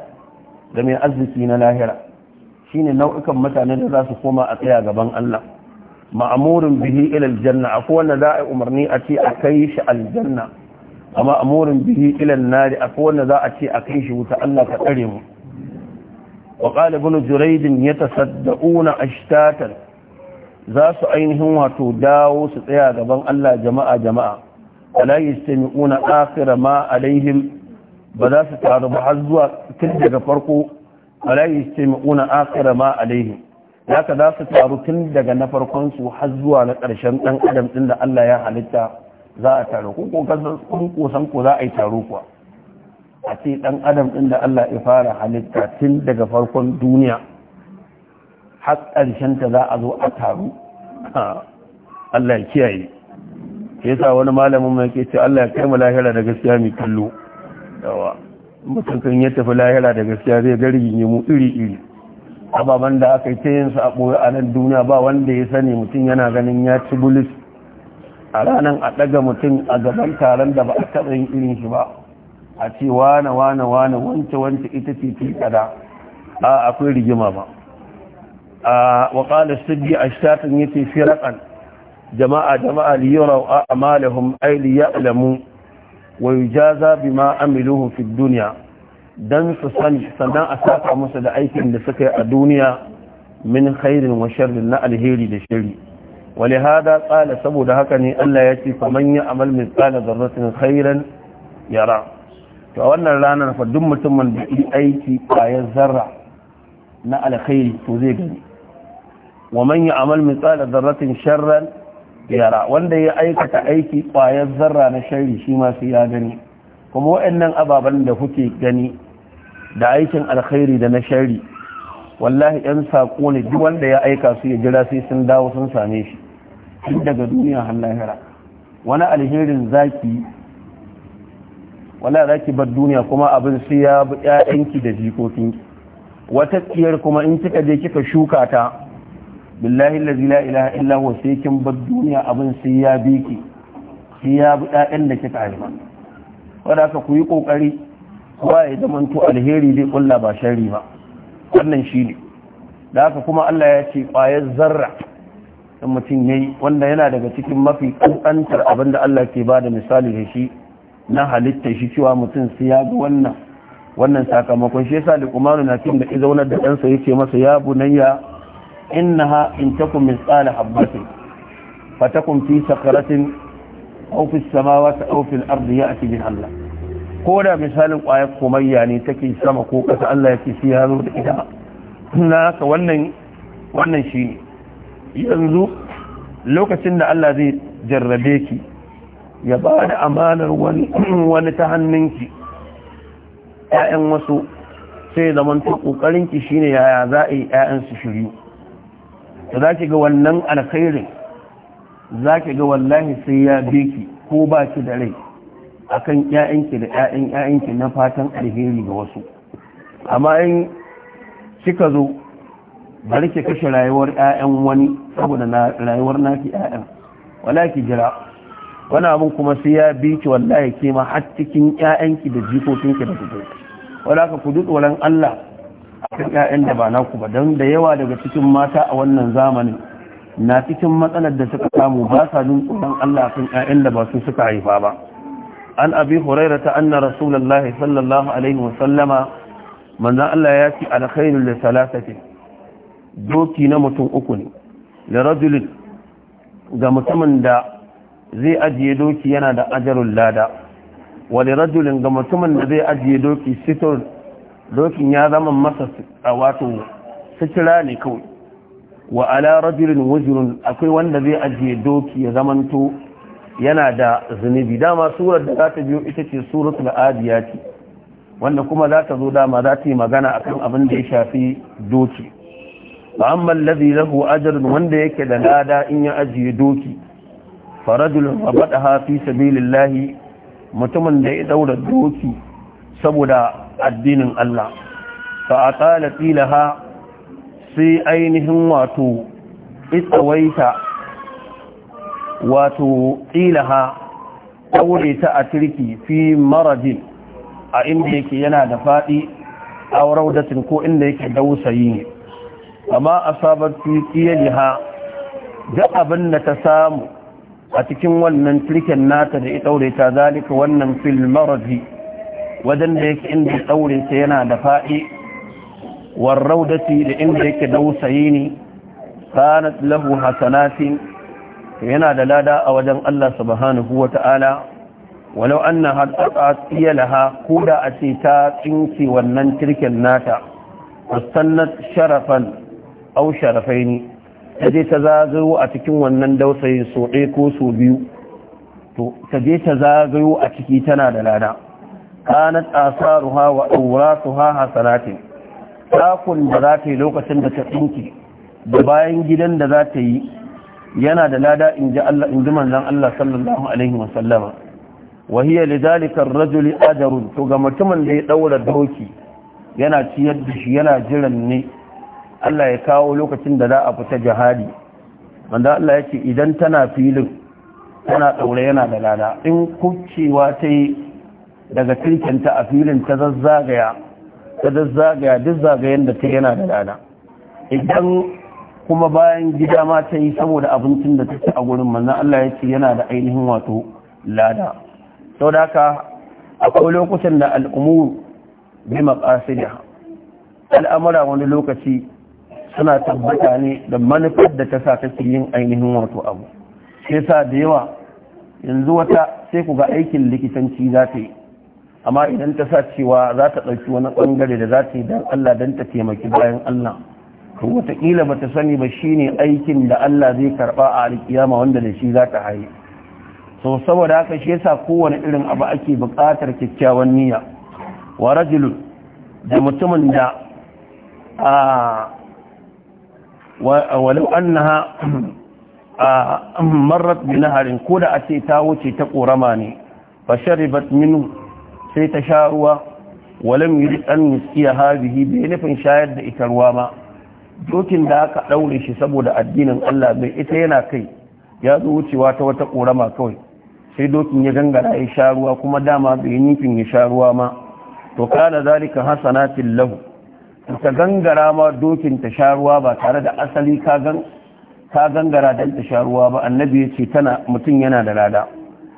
da mai arziki na lahira shine nau'ikan mutanen da za su koma a tsaya gaban Allah ma'amurin bihi ila janna, akwai wanda za a yi umarni a ce a kai shi aljanna a ma'amurin bihi ila nari akwai wanda za a ce a kai shi wuta Allah ka tsare mu wa qala ibn jurayd yatasaddaquna ashtatan za su ainihin wato dawo su tsaya gaban Allah jama'a jama'a ala yastami'una akhira ma alaihim ba za su taru ba har zuwa tun daga farko ala yastami'una akhira ma alayhi haka za su taru tun daga na farkon su har zuwa na ƙarshen ɗan adam ɗin da Allah ya halitta za a taru kun kosan ko za a yi taro kuwa a ce ɗan adam ɗin da Allah ya fara halitta tun daga farkon duniya har ƙarshen ta za a zo a taru Allah ya kiyaye yasa wani malamin mai ke ce Allah ya kai mu lahira da gaskiya mai kallo yawa mutum kan ya tafi lahira da gaskiya zai gargin yi mu iri iri ababen da aka yi ta yin a ɓoye a nan duniya ba wanda ya sani mutum yana ganin ya ci bulis a ranar a ɗaga mutum a gaban taron da ba a taɓa yin irin shi ba a ce wane wane wane wance wance ita ce ce kada a akwai rigima ba a waƙalar sirri a shatin yake firakan jama'a jama'a liyarau a amalahum ai alamu wa yujaza bima amiluhu fi dunya dan su sani sannan a saka musu da aikin da suka yi a duniya min khairin wa sharrin na alheri da shari wale hada tsala saboda haka ne Allah ya ce faman ya amal min tsala zarratin khairan yara to a wannan ranar fa duk mutumin da yi aiki kayan zarra na alkhairi to zai gani wa man ya amal min tsala zarratin sharran yara wanda ya aikata aiki kwayar zarra na shari shi masu ya gani kuma waɗannan ababen da kuke gani da aikin alkhairi da na shari wallahi yan saƙo ne duk wanda ya aika su ya jira sai sun dawo sun same shi tun daga duniya har lahira wani alherin zaki wala zaki bar duniya kuma abin sai ya bi ƴaƴanki da jikokinki wata tsiyar kuma in kika je kika shuka ta billahi allazi la ilaha illa huwa sai kin bar duniya abin sai ya biki sai ya bi ɗaɗan da kika haifa wanda aka ku yi kokari kowa ya zamanto alheri zai kulla ba sharri ba wannan shine da haka kuma Allah ya ce ƙwayar zarra da mutum ya yi wanda yana daga cikin mafi ƙanƙantar abin da Allah ke ba da misali da shi na halitta shi cewa mutum sai ya ga wannan wannan sakamakon shi yasa liqmanu na cikin da izaunar da ɗansa ya ce masa ya bunayya innaha in takum misqala habbatin fa takum fi sakratin aw fi samawati aw fi al-ardi ya'ti biha Allah ko da misalin kwaya kumayya ne take sama ko kasa Allah yake shi ya zo da ita na ka wannan wannan yanzu lokacin da Allah zai jarrabe ki ya ba da amanar wani ta hannun ki ƴaƴan wasu sai zaman ta kokarin ki shine yaya za'i ƴaƴan su shiryu to za ki ga wannan alkhairin za ki ga wallahi sai ya bi ki ko ba ki da rai akan yayanki da ƴaƴan ƴaƴanki na fatan alheri ga wasu amma in kika zo bari ki kashe rayuwar ƴaƴan wani saboda rayuwar naki ƴaƴan wala ki jira wani abun kuma sai ya bi ki wallahi kima har cikin ƴaƴanki da jikokinki da kudu wala ka kudu tsoron Allah kan 'ya'yan da ba naku ba don da yawa daga cikin mata a wannan zamanin na cikin matsalar da suka samu ba sa jin tsoron Allah kan 'ya'yan da ba su suka haifa ba an abi huraira ta anna rasulullahi sallallahu alaihi wa sallama manzon Allah ya ce alkhairu li salatati doki na mutum uku ne li rajulin ga mutumin da zai ajiye doki yana da ajarun lada wa li ga mutumin da zai ajiye doki situr dokin ya zama masa a wato sikira ne kawai wa ala rajulin wajirun akwai wanda zai ajiye doki ya zamanto yana da zunubi dama surar da za ta biyo ita ce suratul adiyati wanda kuma za ta zo dama za ta yi magana akan abin da ya shafi doki fa amma allazi lahu wanda yake da lada in ya ajiye doki farajul rabadaha fi sabilillahi mutumin da ya daura doki saboda addinin Allah fa aqala tilaha sai ainihin wato itsawaita wato tilaha daure ta a turki fi maradin a inda yake yana da faɗi a raudatin ko inda yake dausayi ne amma a sabar liha abin da ta samu a cikin wannan turken nata da ita daure ta zalika wannan fil maradi wajen da yake inda daure yana da fa'i warraudati da inda yake dausayi ne kanat lahu hasanatin yana da lada a wajen Allah subhanahu wata'ala walau anna hatta iya laha koda a ce ta tsinke wannan kirkin nata sannat sharafan au sharafaini ta je ta zagayo a cikin wannan dausayin so ɗaya ko so biyu to ta je ta zagayo a ciki tana da lada kanat asaruha wa awratuha hasanatin takun da za ta yi lokacin da ta tsinki da bayan gidan da za ta yi yana da lada in ji Allah in ji manzon Allah sallallahu alaihi wa sallama wa hiya lidhalika ar rajul ajrun to ga mutumin da ya daura doki yana ciyar da shi yana jiran ne Allah ya kawo lokacin da za a fita jihadi wanda Allah ya idan tana filin tana daure yana da lada in kucewa ta yi daga tirkinta a filin ta zazzagaya ta zazzagaya duk zagayen da ta yana da lada idan kuma bayan gida ma ta yi saboda abincin da ta ci a gurin manzan Allah ya ce yana da ainihin wato lada sau da haka akwai lokutan da al'umur bi maƙasiriya al'amura wani lokaci suna tabbata ne da manufar da ta sa kake yin ainihin wato abu sai sa da yawa yanzu wata sai ku ga aikin likitanci za ta yi amma idan ta sa cewa za ta ɗauki wani ɓangare da za ta yi don Allah don ta taimaki bayan Allah to wataƙila ba ta sani ba shine aikin da Allah zai karɓa a alƙiyama wanda da shi za ta haye so saboda haka shi yasa kowane irin abu ake buƙatar kyakkyawan niyya wa rajulun da mutumin da a walau annaha a marrat bi naharin ko da a ce ta wuce ta korama ne fa sharibat minhu sai ta sha ruwa walam yuri an miskiya hazihi bai nufin shayar da ita ruwa ma dokin da aka daure shi saboda addinin Allah bai ita yana kai ya zo wucewa ta wata korama kawai sai dokin ya gangara ya sha ruwa kuma dama bai nufin ya sha ruwa ma to kana zalika hasanatin lahu ta gangara ma dokin ta sha ruwa ba tare da asali ka gangara don ta sha ruwa ba annabi ya ce tana mutum yana da lada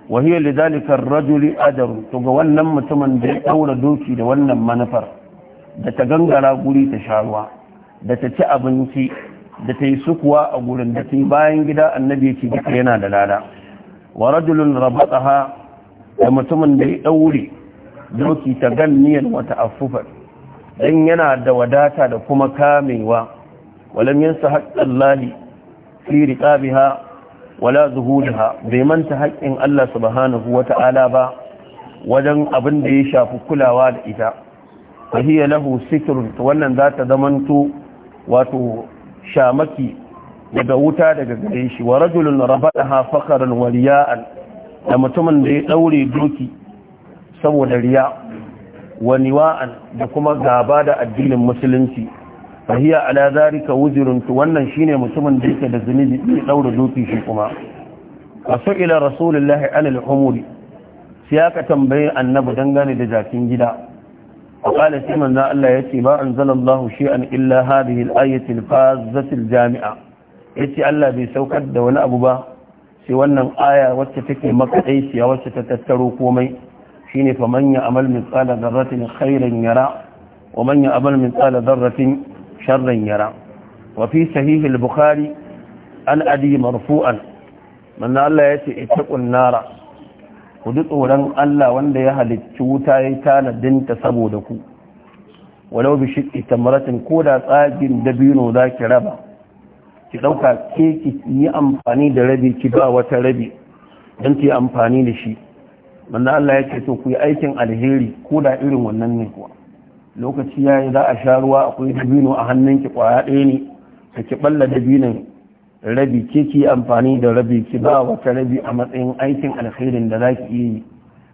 wa hiya lidhalika ar-rajul adar wannan mutumin da ya daura doki da wannan manufar da ta gangara guri ta sharuwa da ta ci abinci da ta yi sukuwa a gurin da bayan gida annabi yake duka yana da lada wa rajulun rabataha da mutumin da ya daure doki ta ganniyan wata afufar dan yana da wadata da kuma kamewa walam yansa haqqallahi fi riqabiha wala zuhuriha bai manta haƙƙin Allah subhanahu wata'ala ba wajen abin da ya shafi kulawa da ita fa hiya lahu sitrun wannan za ta zamanto wato shamaki daga wuta daga gare shi wa rajulun rabadaha fakaran wa riya'an da mutumin da ya daure doki saboda riya wa niwa'an da kuma gaba da addinin musulunci fahiya ala zalika wujrun to wannan shine mutumin da yake da zunubi ya daura doki shi kuma asu ila rasulullahi alal humuri sai aka tambaye annabi dangane da jakin gida وقال سيما ذا الله يتي ما أنزل الله شيئا إلا هذه الآية الفازة الجامعة يتي الله بيسوكد دون أبو با سيوانا آية واتفك مقعيسيا واتتتروا قومي شيني فمن يعمل مثقال ذرة خيرا يرى ومن يعمل مثقال ذرة شرا يرى وفي صحيح البخاري عن أبي مرفوعا من الله يتي اتقوا النار ودت ورن الله وند يهلك توتا يتانا دنت سبودكو ولو بشق تمرة كودا تاجين دبينو ذاك ربا ki ɗauka ke ki yi amfani da rabi ki ba wata rabi don ki amfani da shi wanda Allah ya ce to ku yi aikin alheri ko da irin wannan ne kuwa lokaci ya yi za a sha ruwa akwai dabino a hannun ki kwaya ɗaya ne ka ki balla dabinon rabi ke ki amfani da rabi ki ba wata rabi a matsayin aikin alkhairin da za ki yi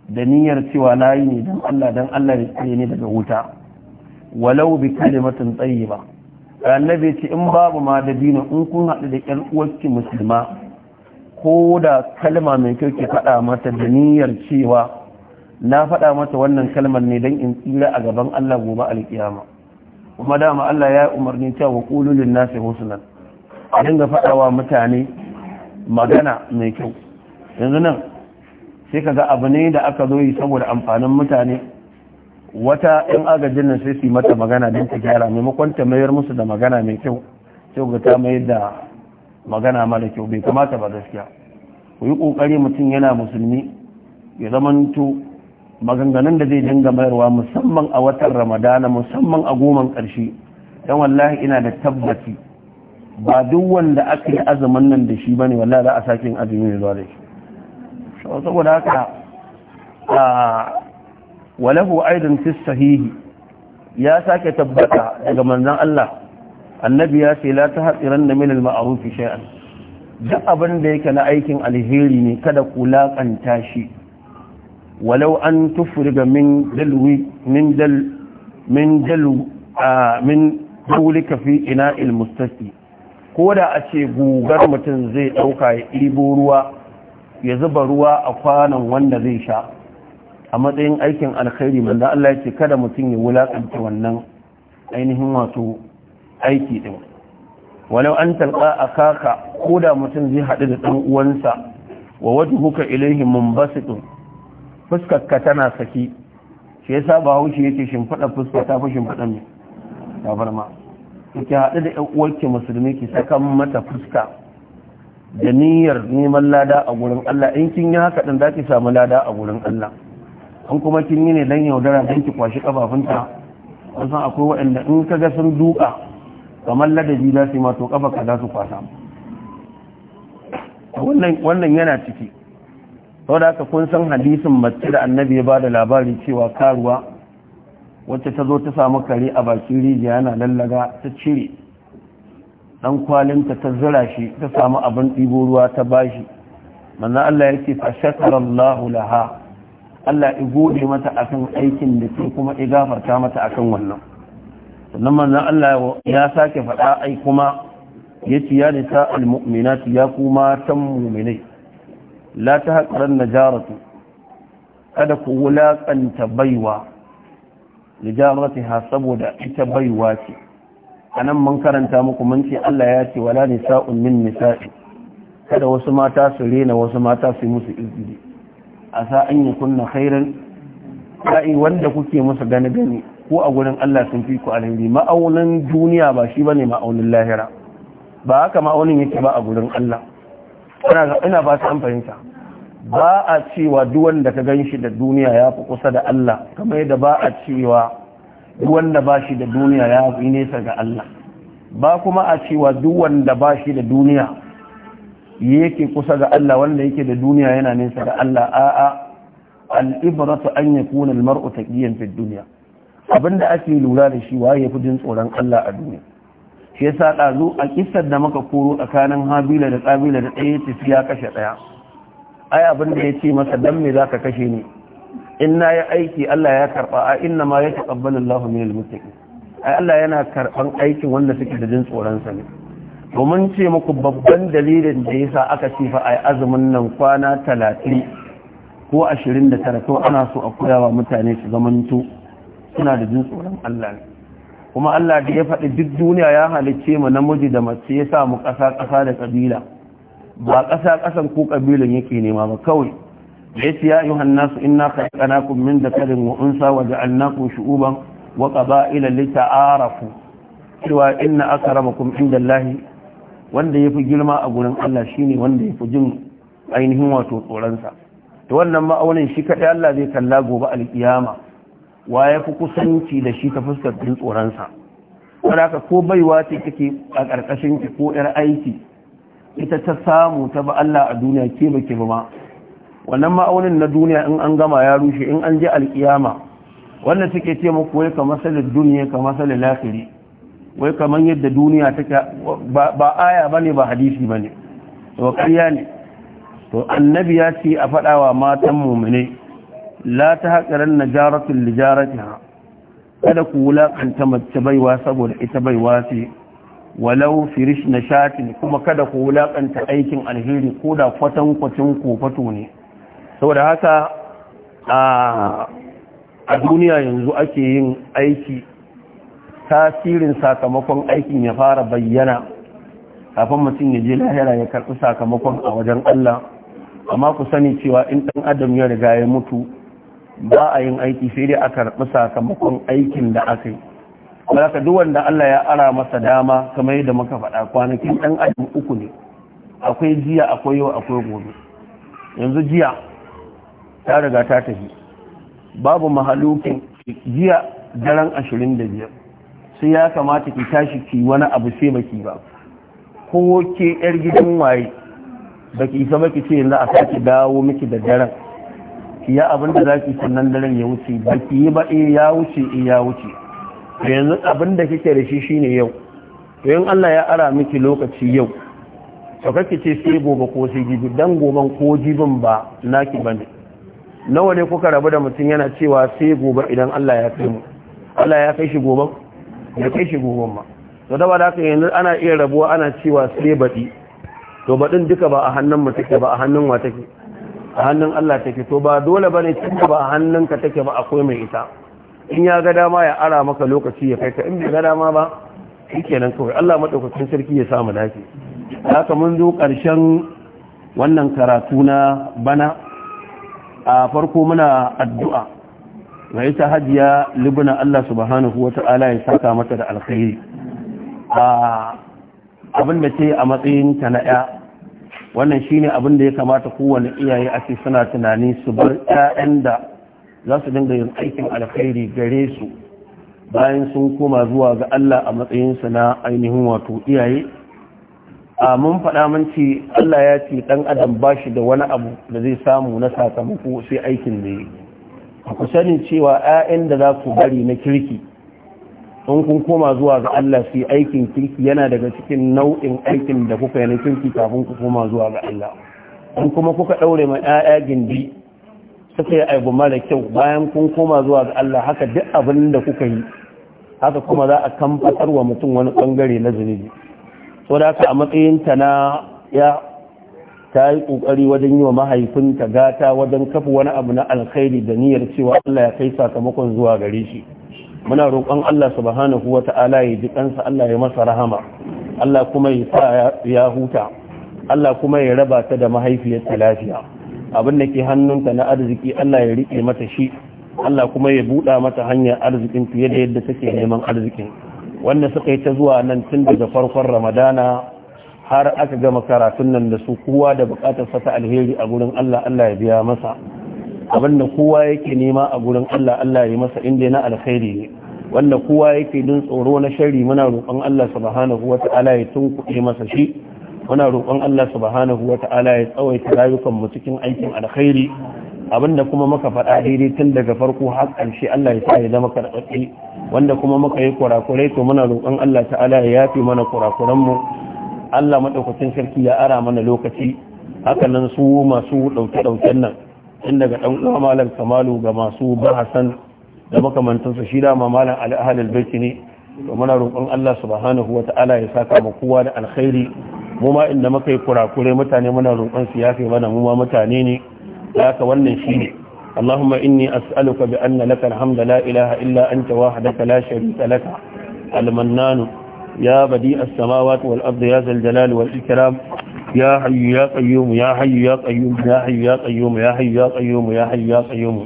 da niyyar cewa na yi ne don Allah don Allah ya tsaye ne daga wuta walau bi kalimatin tsayi ba annabi ce in babu ma dabino in kun haɗu da ƴan uwarki musulma ko da kalma mai kyau ki faɗa mata da niyyar cewa na faɗa mata wannan kalmar ne don in tsira a gaban Allah gobe alƙiyama kuma dama Allah ya umarni cewa wa lin nasi husnan a dinga faɗawa mutane magana mai kyau yanzu nan sai ka ga abu ne da aka zo yi saboda amfanin mutane wata yan agajin nan sai su yi mata magana don ta gyara maimakon ta mayar musu da magana mai kyau sai ga ta mayar da magana mara kyau bai kamata ba gaskiya ku yi ƙoƙari mutum yana musulmi ya zamanto maganganun da zai dinga mayarwa musamman a watan ramadana musamman a goman ƙarshe don wallahi ina da tabbaci ba duk wanda aka yi azumin nan da shi bane wallahi za a sake yin azumi ne zuwa da shi saboda haka walahu aidan fi sahihi ya sake tabbata daga manzon Allah annabi ya ce la tahqiran min al-ma'ruf shay'an duk abin da yake na aikin alheri ne kada ku laƙanta shi walau an tufriga min dalwi min dal min dal min dawlika fi ko da a ce gugar mutum zai dauka ya ɗibo ruwa ya zuba ruwa a kwanan wanda zai sha a matsayin aikin alkhairi manzo Allah ya ce kada mutum ya wulakanta wannan ainihin wato aiki din walau an talqa akaka ko da mutum zai haɗu da ɗan uwansa wa wajhuka ilayhi ɗin. fuskarka tana saki shi yasa ba haushi yake shimfiɗa fuska ta fi shimfiɗa bar ma ki haɗu da ƴan uwarki musulmi ki sakan mata fuska da niyyar neman lada a gurin Allah in kin yi haka din zaki samu lada a gurin Allah an kuma kin yi ne dan yaudara dan ki kwashi kafafunta an san akwai waɗanda in ka ga sun duka kamar ladabi za su ma to kafa ka za su kwasa wannan yana ciki da haka kun san hadisin mace da annabi ya bada labari cewa karuwa wacce ta zo ta samu kare a bakin rijiya yana lallaga ta cire dan kwalinta ta zira shi ta samu abin ɗibo ruwa ta bashi manzon Allah ya ce fa shakarallahu laha Allah ya gode mata akan aikin da ke kuma ya gafarta mata akan wannan sannan manzon Allah ya sake faɗa ai kuma yace ya nisa almu'minati ya kuma tan mu'minai la ta haƙarar na jaratu kada ku wulaƙanta baiwa da jaratu ha saboda ita baiwa ce a nan mun karanta muku mun ce Allah ya ce wala sa'un min nisa'i kada wasu mata su rena wasu mata su musu izini a sa an yi kunna khairan ra'i wanda kuke musu gani gani ko a gurin Allah sun fi ku alheri ma'aunin duniya ba shi bane ma'aunin lahira ba haka ma'aunin yake ba a gurin Allah ina ba su an fahimta ba a cewa duwan da ka shi da duniya ya fi kusa da Allah kamar yadda ba a cewa duwan da ba shi da duniya ya fi nesa ga Allah ba kuma a cewa duwan da ba shi da duniya yake kusa ga Allah wanda yake da duniya yana nesa ga Allah a'a al'ibratu an ya kuna maru taqiyan fi duniya abinda ake lura da shi waye fi jin tsoron Allah a duniya shi yasa ɗazu a kisar da maka koro tsakanin habila da tsabila da ɗaya ce ya kashe ɗaya ai abin da ya ce masa dan me za ka kashe ni in na yi aiki allah ya karɓa a inna ma ya taƙabbal allahu min almuttaqin ai allah yana karɓan aikin wanda suke da jin tsoron ne domin ce muku babban dalilin da ya sa aka ce fa ai azumin nan kwana talatin ko ashirin da tara to ana so a koya wa mutane su zamanto suna da jin tsoron allah ne kuma Allah da ya faɗi duk duniya ya halicce mu namiji da mace ya sa mu ƙasa ƙasa da ƙabila ba ƙasa ƙasan ko ƙabilun yake nema ba kawai da ya ce ya yi hannasu inna khalaqnakum min dhakarin wa unsa wa ja'alnakum shu'uban wa qaba'ila lita'arafu cewa inna akramakum indallahi wanda yafi girma a gurin Allah shine wanda yafi jin ainihin wato tsoron sa to wannan ma'aunin shi kadai Allah zai kalla gobe alkiyama wa ya fi kusanci da shi ta fuskar jin tsoronsa saboda ko baiwa ce take a ƙarƙashin ki ko ƴar aiki ita ta samu ta ba Allah a duniya ke ba ke ba ma wannan ma'aunin na duniya in an gama ya rushe in an je alkiyama wannan suke ce muku wai kamar salin duniya kamar salin lafiri wai kamar yadda duniya take ba aya bane ba hadisi bane to ƙarya ne to annabi ya ce a faɗawa matan mumine la ta haƙarar na jaratun kada ku wulaƙanta mace baiwa saboda ita baiwa ce walau firish na shatin kuma kada ku wulaƙanta aikin alheri ko da kwatankwacin kofato ne saboda haka a duniya yanzu ake yin aiki tasirin sakamakon aikin ya fara bayyana kafin mutum ya je lahira ya karɓi sakamakon a wajen Allah amma ku sani cewa in ɗan adam ya riga ya mutu ba a yin aiki sai dai a karɓi sakamakon aikin da aka yi ka duk wanda Allah ya ara masa dama kamar yadda muka faɗa kwanakin ɗan adam uku ne akwai jiya akwai yau akwai gobe yanzu jiya ta riga ta tafi babu mahalukin jiya daren ashirin da biyar sai ya kamata ki tashi ki wani abu sai baki ba ko ke yar gidan waye baki isa baki ce yanzu a sake dawo miki da daren ki ya abin da za ki sannan daren ya wuce ba ki yi ba eh, ya wuce eh, ya wuce yanzu abin da kike da shi shine yau to yin Allah ya ara miki lokaci yau to kake ce sai gobe ko sai jibi dan goben ko jibin ba naki bane nawa ne kuka rabu da mutum yana cewa sai gobe idan Allah ya kai mu Allah ya kai shi goben ya kai shi goben ma to da da haka yanzu ana iya rabuwa ana cewa sai baɗi to baɗin duka ba a hannun mu take ba a hannun wa take a hannun Allah take to ba dole ba ne cikin ba a hannunka take ba akwai mai ita in ya ga dama ya ara maka lokaci ya kai ka in bai ga dama ba shikenan kawai Allah madaukakin sarki ya samu dace haka mun zo ƙarshen wannan karatu na bana a farko muna addu'a ga ita hajiya libna Allah subhanahu Ta'ala ya saka mata da alkhairi a abin ce a matsayin ta na ya wannan shine abin da ya kamata kowane iyaye a suna tunani su bar 'ya'yan da za su dinga yin aikin alkhairi gare su bayan sun koma zuwa ga Allah a matsayinsu na ainihin wato iyaye a mun faɗa mun ce Allah ya ce ɗan adam ba shi da wani abu da zai samu na sakamako sai aikin da ya ku sani cewa 'ya'yan da za ku bari na kirki in kun koma zuwa ga Allah su aikin kirki yana daga cikin nau'in aikin da kuka yi na kirki kafin ku koma zuwa ga Allah in kuma kuka ɗaure ma 'ya'ya gindi suka yi aibu mara kyau bayan kun koma zuwa ga Allah haka duk abin da kuka yi haka kuma za a kamfatar wa mutum wani bangare na zunubi so da haka a ta na ya ta yi ƙoƙari wajen yi wa mahaifinta gata wajen kafa wani abu na alkhairi da niyyar cewa Allah ya kai sakamakon zuwa gare shi muna roƙon Allah subhanahu wa ta'ala ya ji kansa Allah ya masa rahama Allah kuma ya sa ya huta Allah kuma ya raba ta da mahaifiyarta lafiya abin da ke hannunta na arziki Allah ya riƙe mata shi Allah kuma ya buɗa mata hanyar arzikin fiye da yadda take neman arzikin wanda suka yi ta zuwa nan tun daga farkon Ramadana har aka gama karatun nan da su kowa da buƙatar fata alheri a gurin Allah Allah ya biya masa abinda kowa yake nema a gurin Allah Allah ya masa inda na alkhairi ne wanda kowa yake jin tsoro na shari muna roƙon Allah subhanahu ta'ala ya tunkuɗe masa shi muna roƙon Allah subhanahu ta'ala ya tsawaita rayukan mu cikin aikin alkhairi abinda kuma muka faɗa daidai tun daga farko har ƙarshe Allah ya sa ya zama karɓaɓɓe wanda kuma muka yi kurakurai to muna roƙon Allah ta'ala ya yafe mana kurakuran mu Allah madaukakin sarki ya ara mana lokaci hakanan nan su masu ɗauke-ɗauken nan in daga ɗan uwa malam kamalu ga masu bahasan da makamantansa shi dama malam al'ahalil baiti ne to muna roƙon Allah subhanahu wa ta'ala ya saka mu kowa da alkhairi mu ma inda muka yi kurakure mutane muna roƙon su yafe mana mu ma mutane ne da haka wannan shi ne اللهم إني أسألك بأن لك الحمد لا إله إلا أنت وحدك لا شريك لك المنان يا بديع السماوات والأرض يا ذا الجلال والإكرام ya hayyu ya qayyum ya hayyu ya qayyum ya hayyu ya qayyum ya hayyu ya qayyum ya hayyu ya qayyum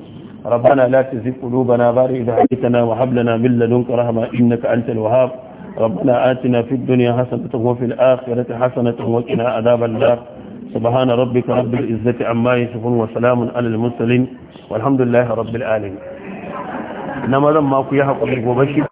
ربنا لا تزغ قلوبنا بعد إذ هديتنا وهب لنا من لدنك رحمة إنك أنت الوهاب ربنا آتنا في الدنيا حسنة وفي الآخرة حسنة وقنا عذاب النار سبحان ربك رب العزة عما يصفون وسلام على المرسلين والحمد لله رب العالمين إنما لما كيها قبل وبشر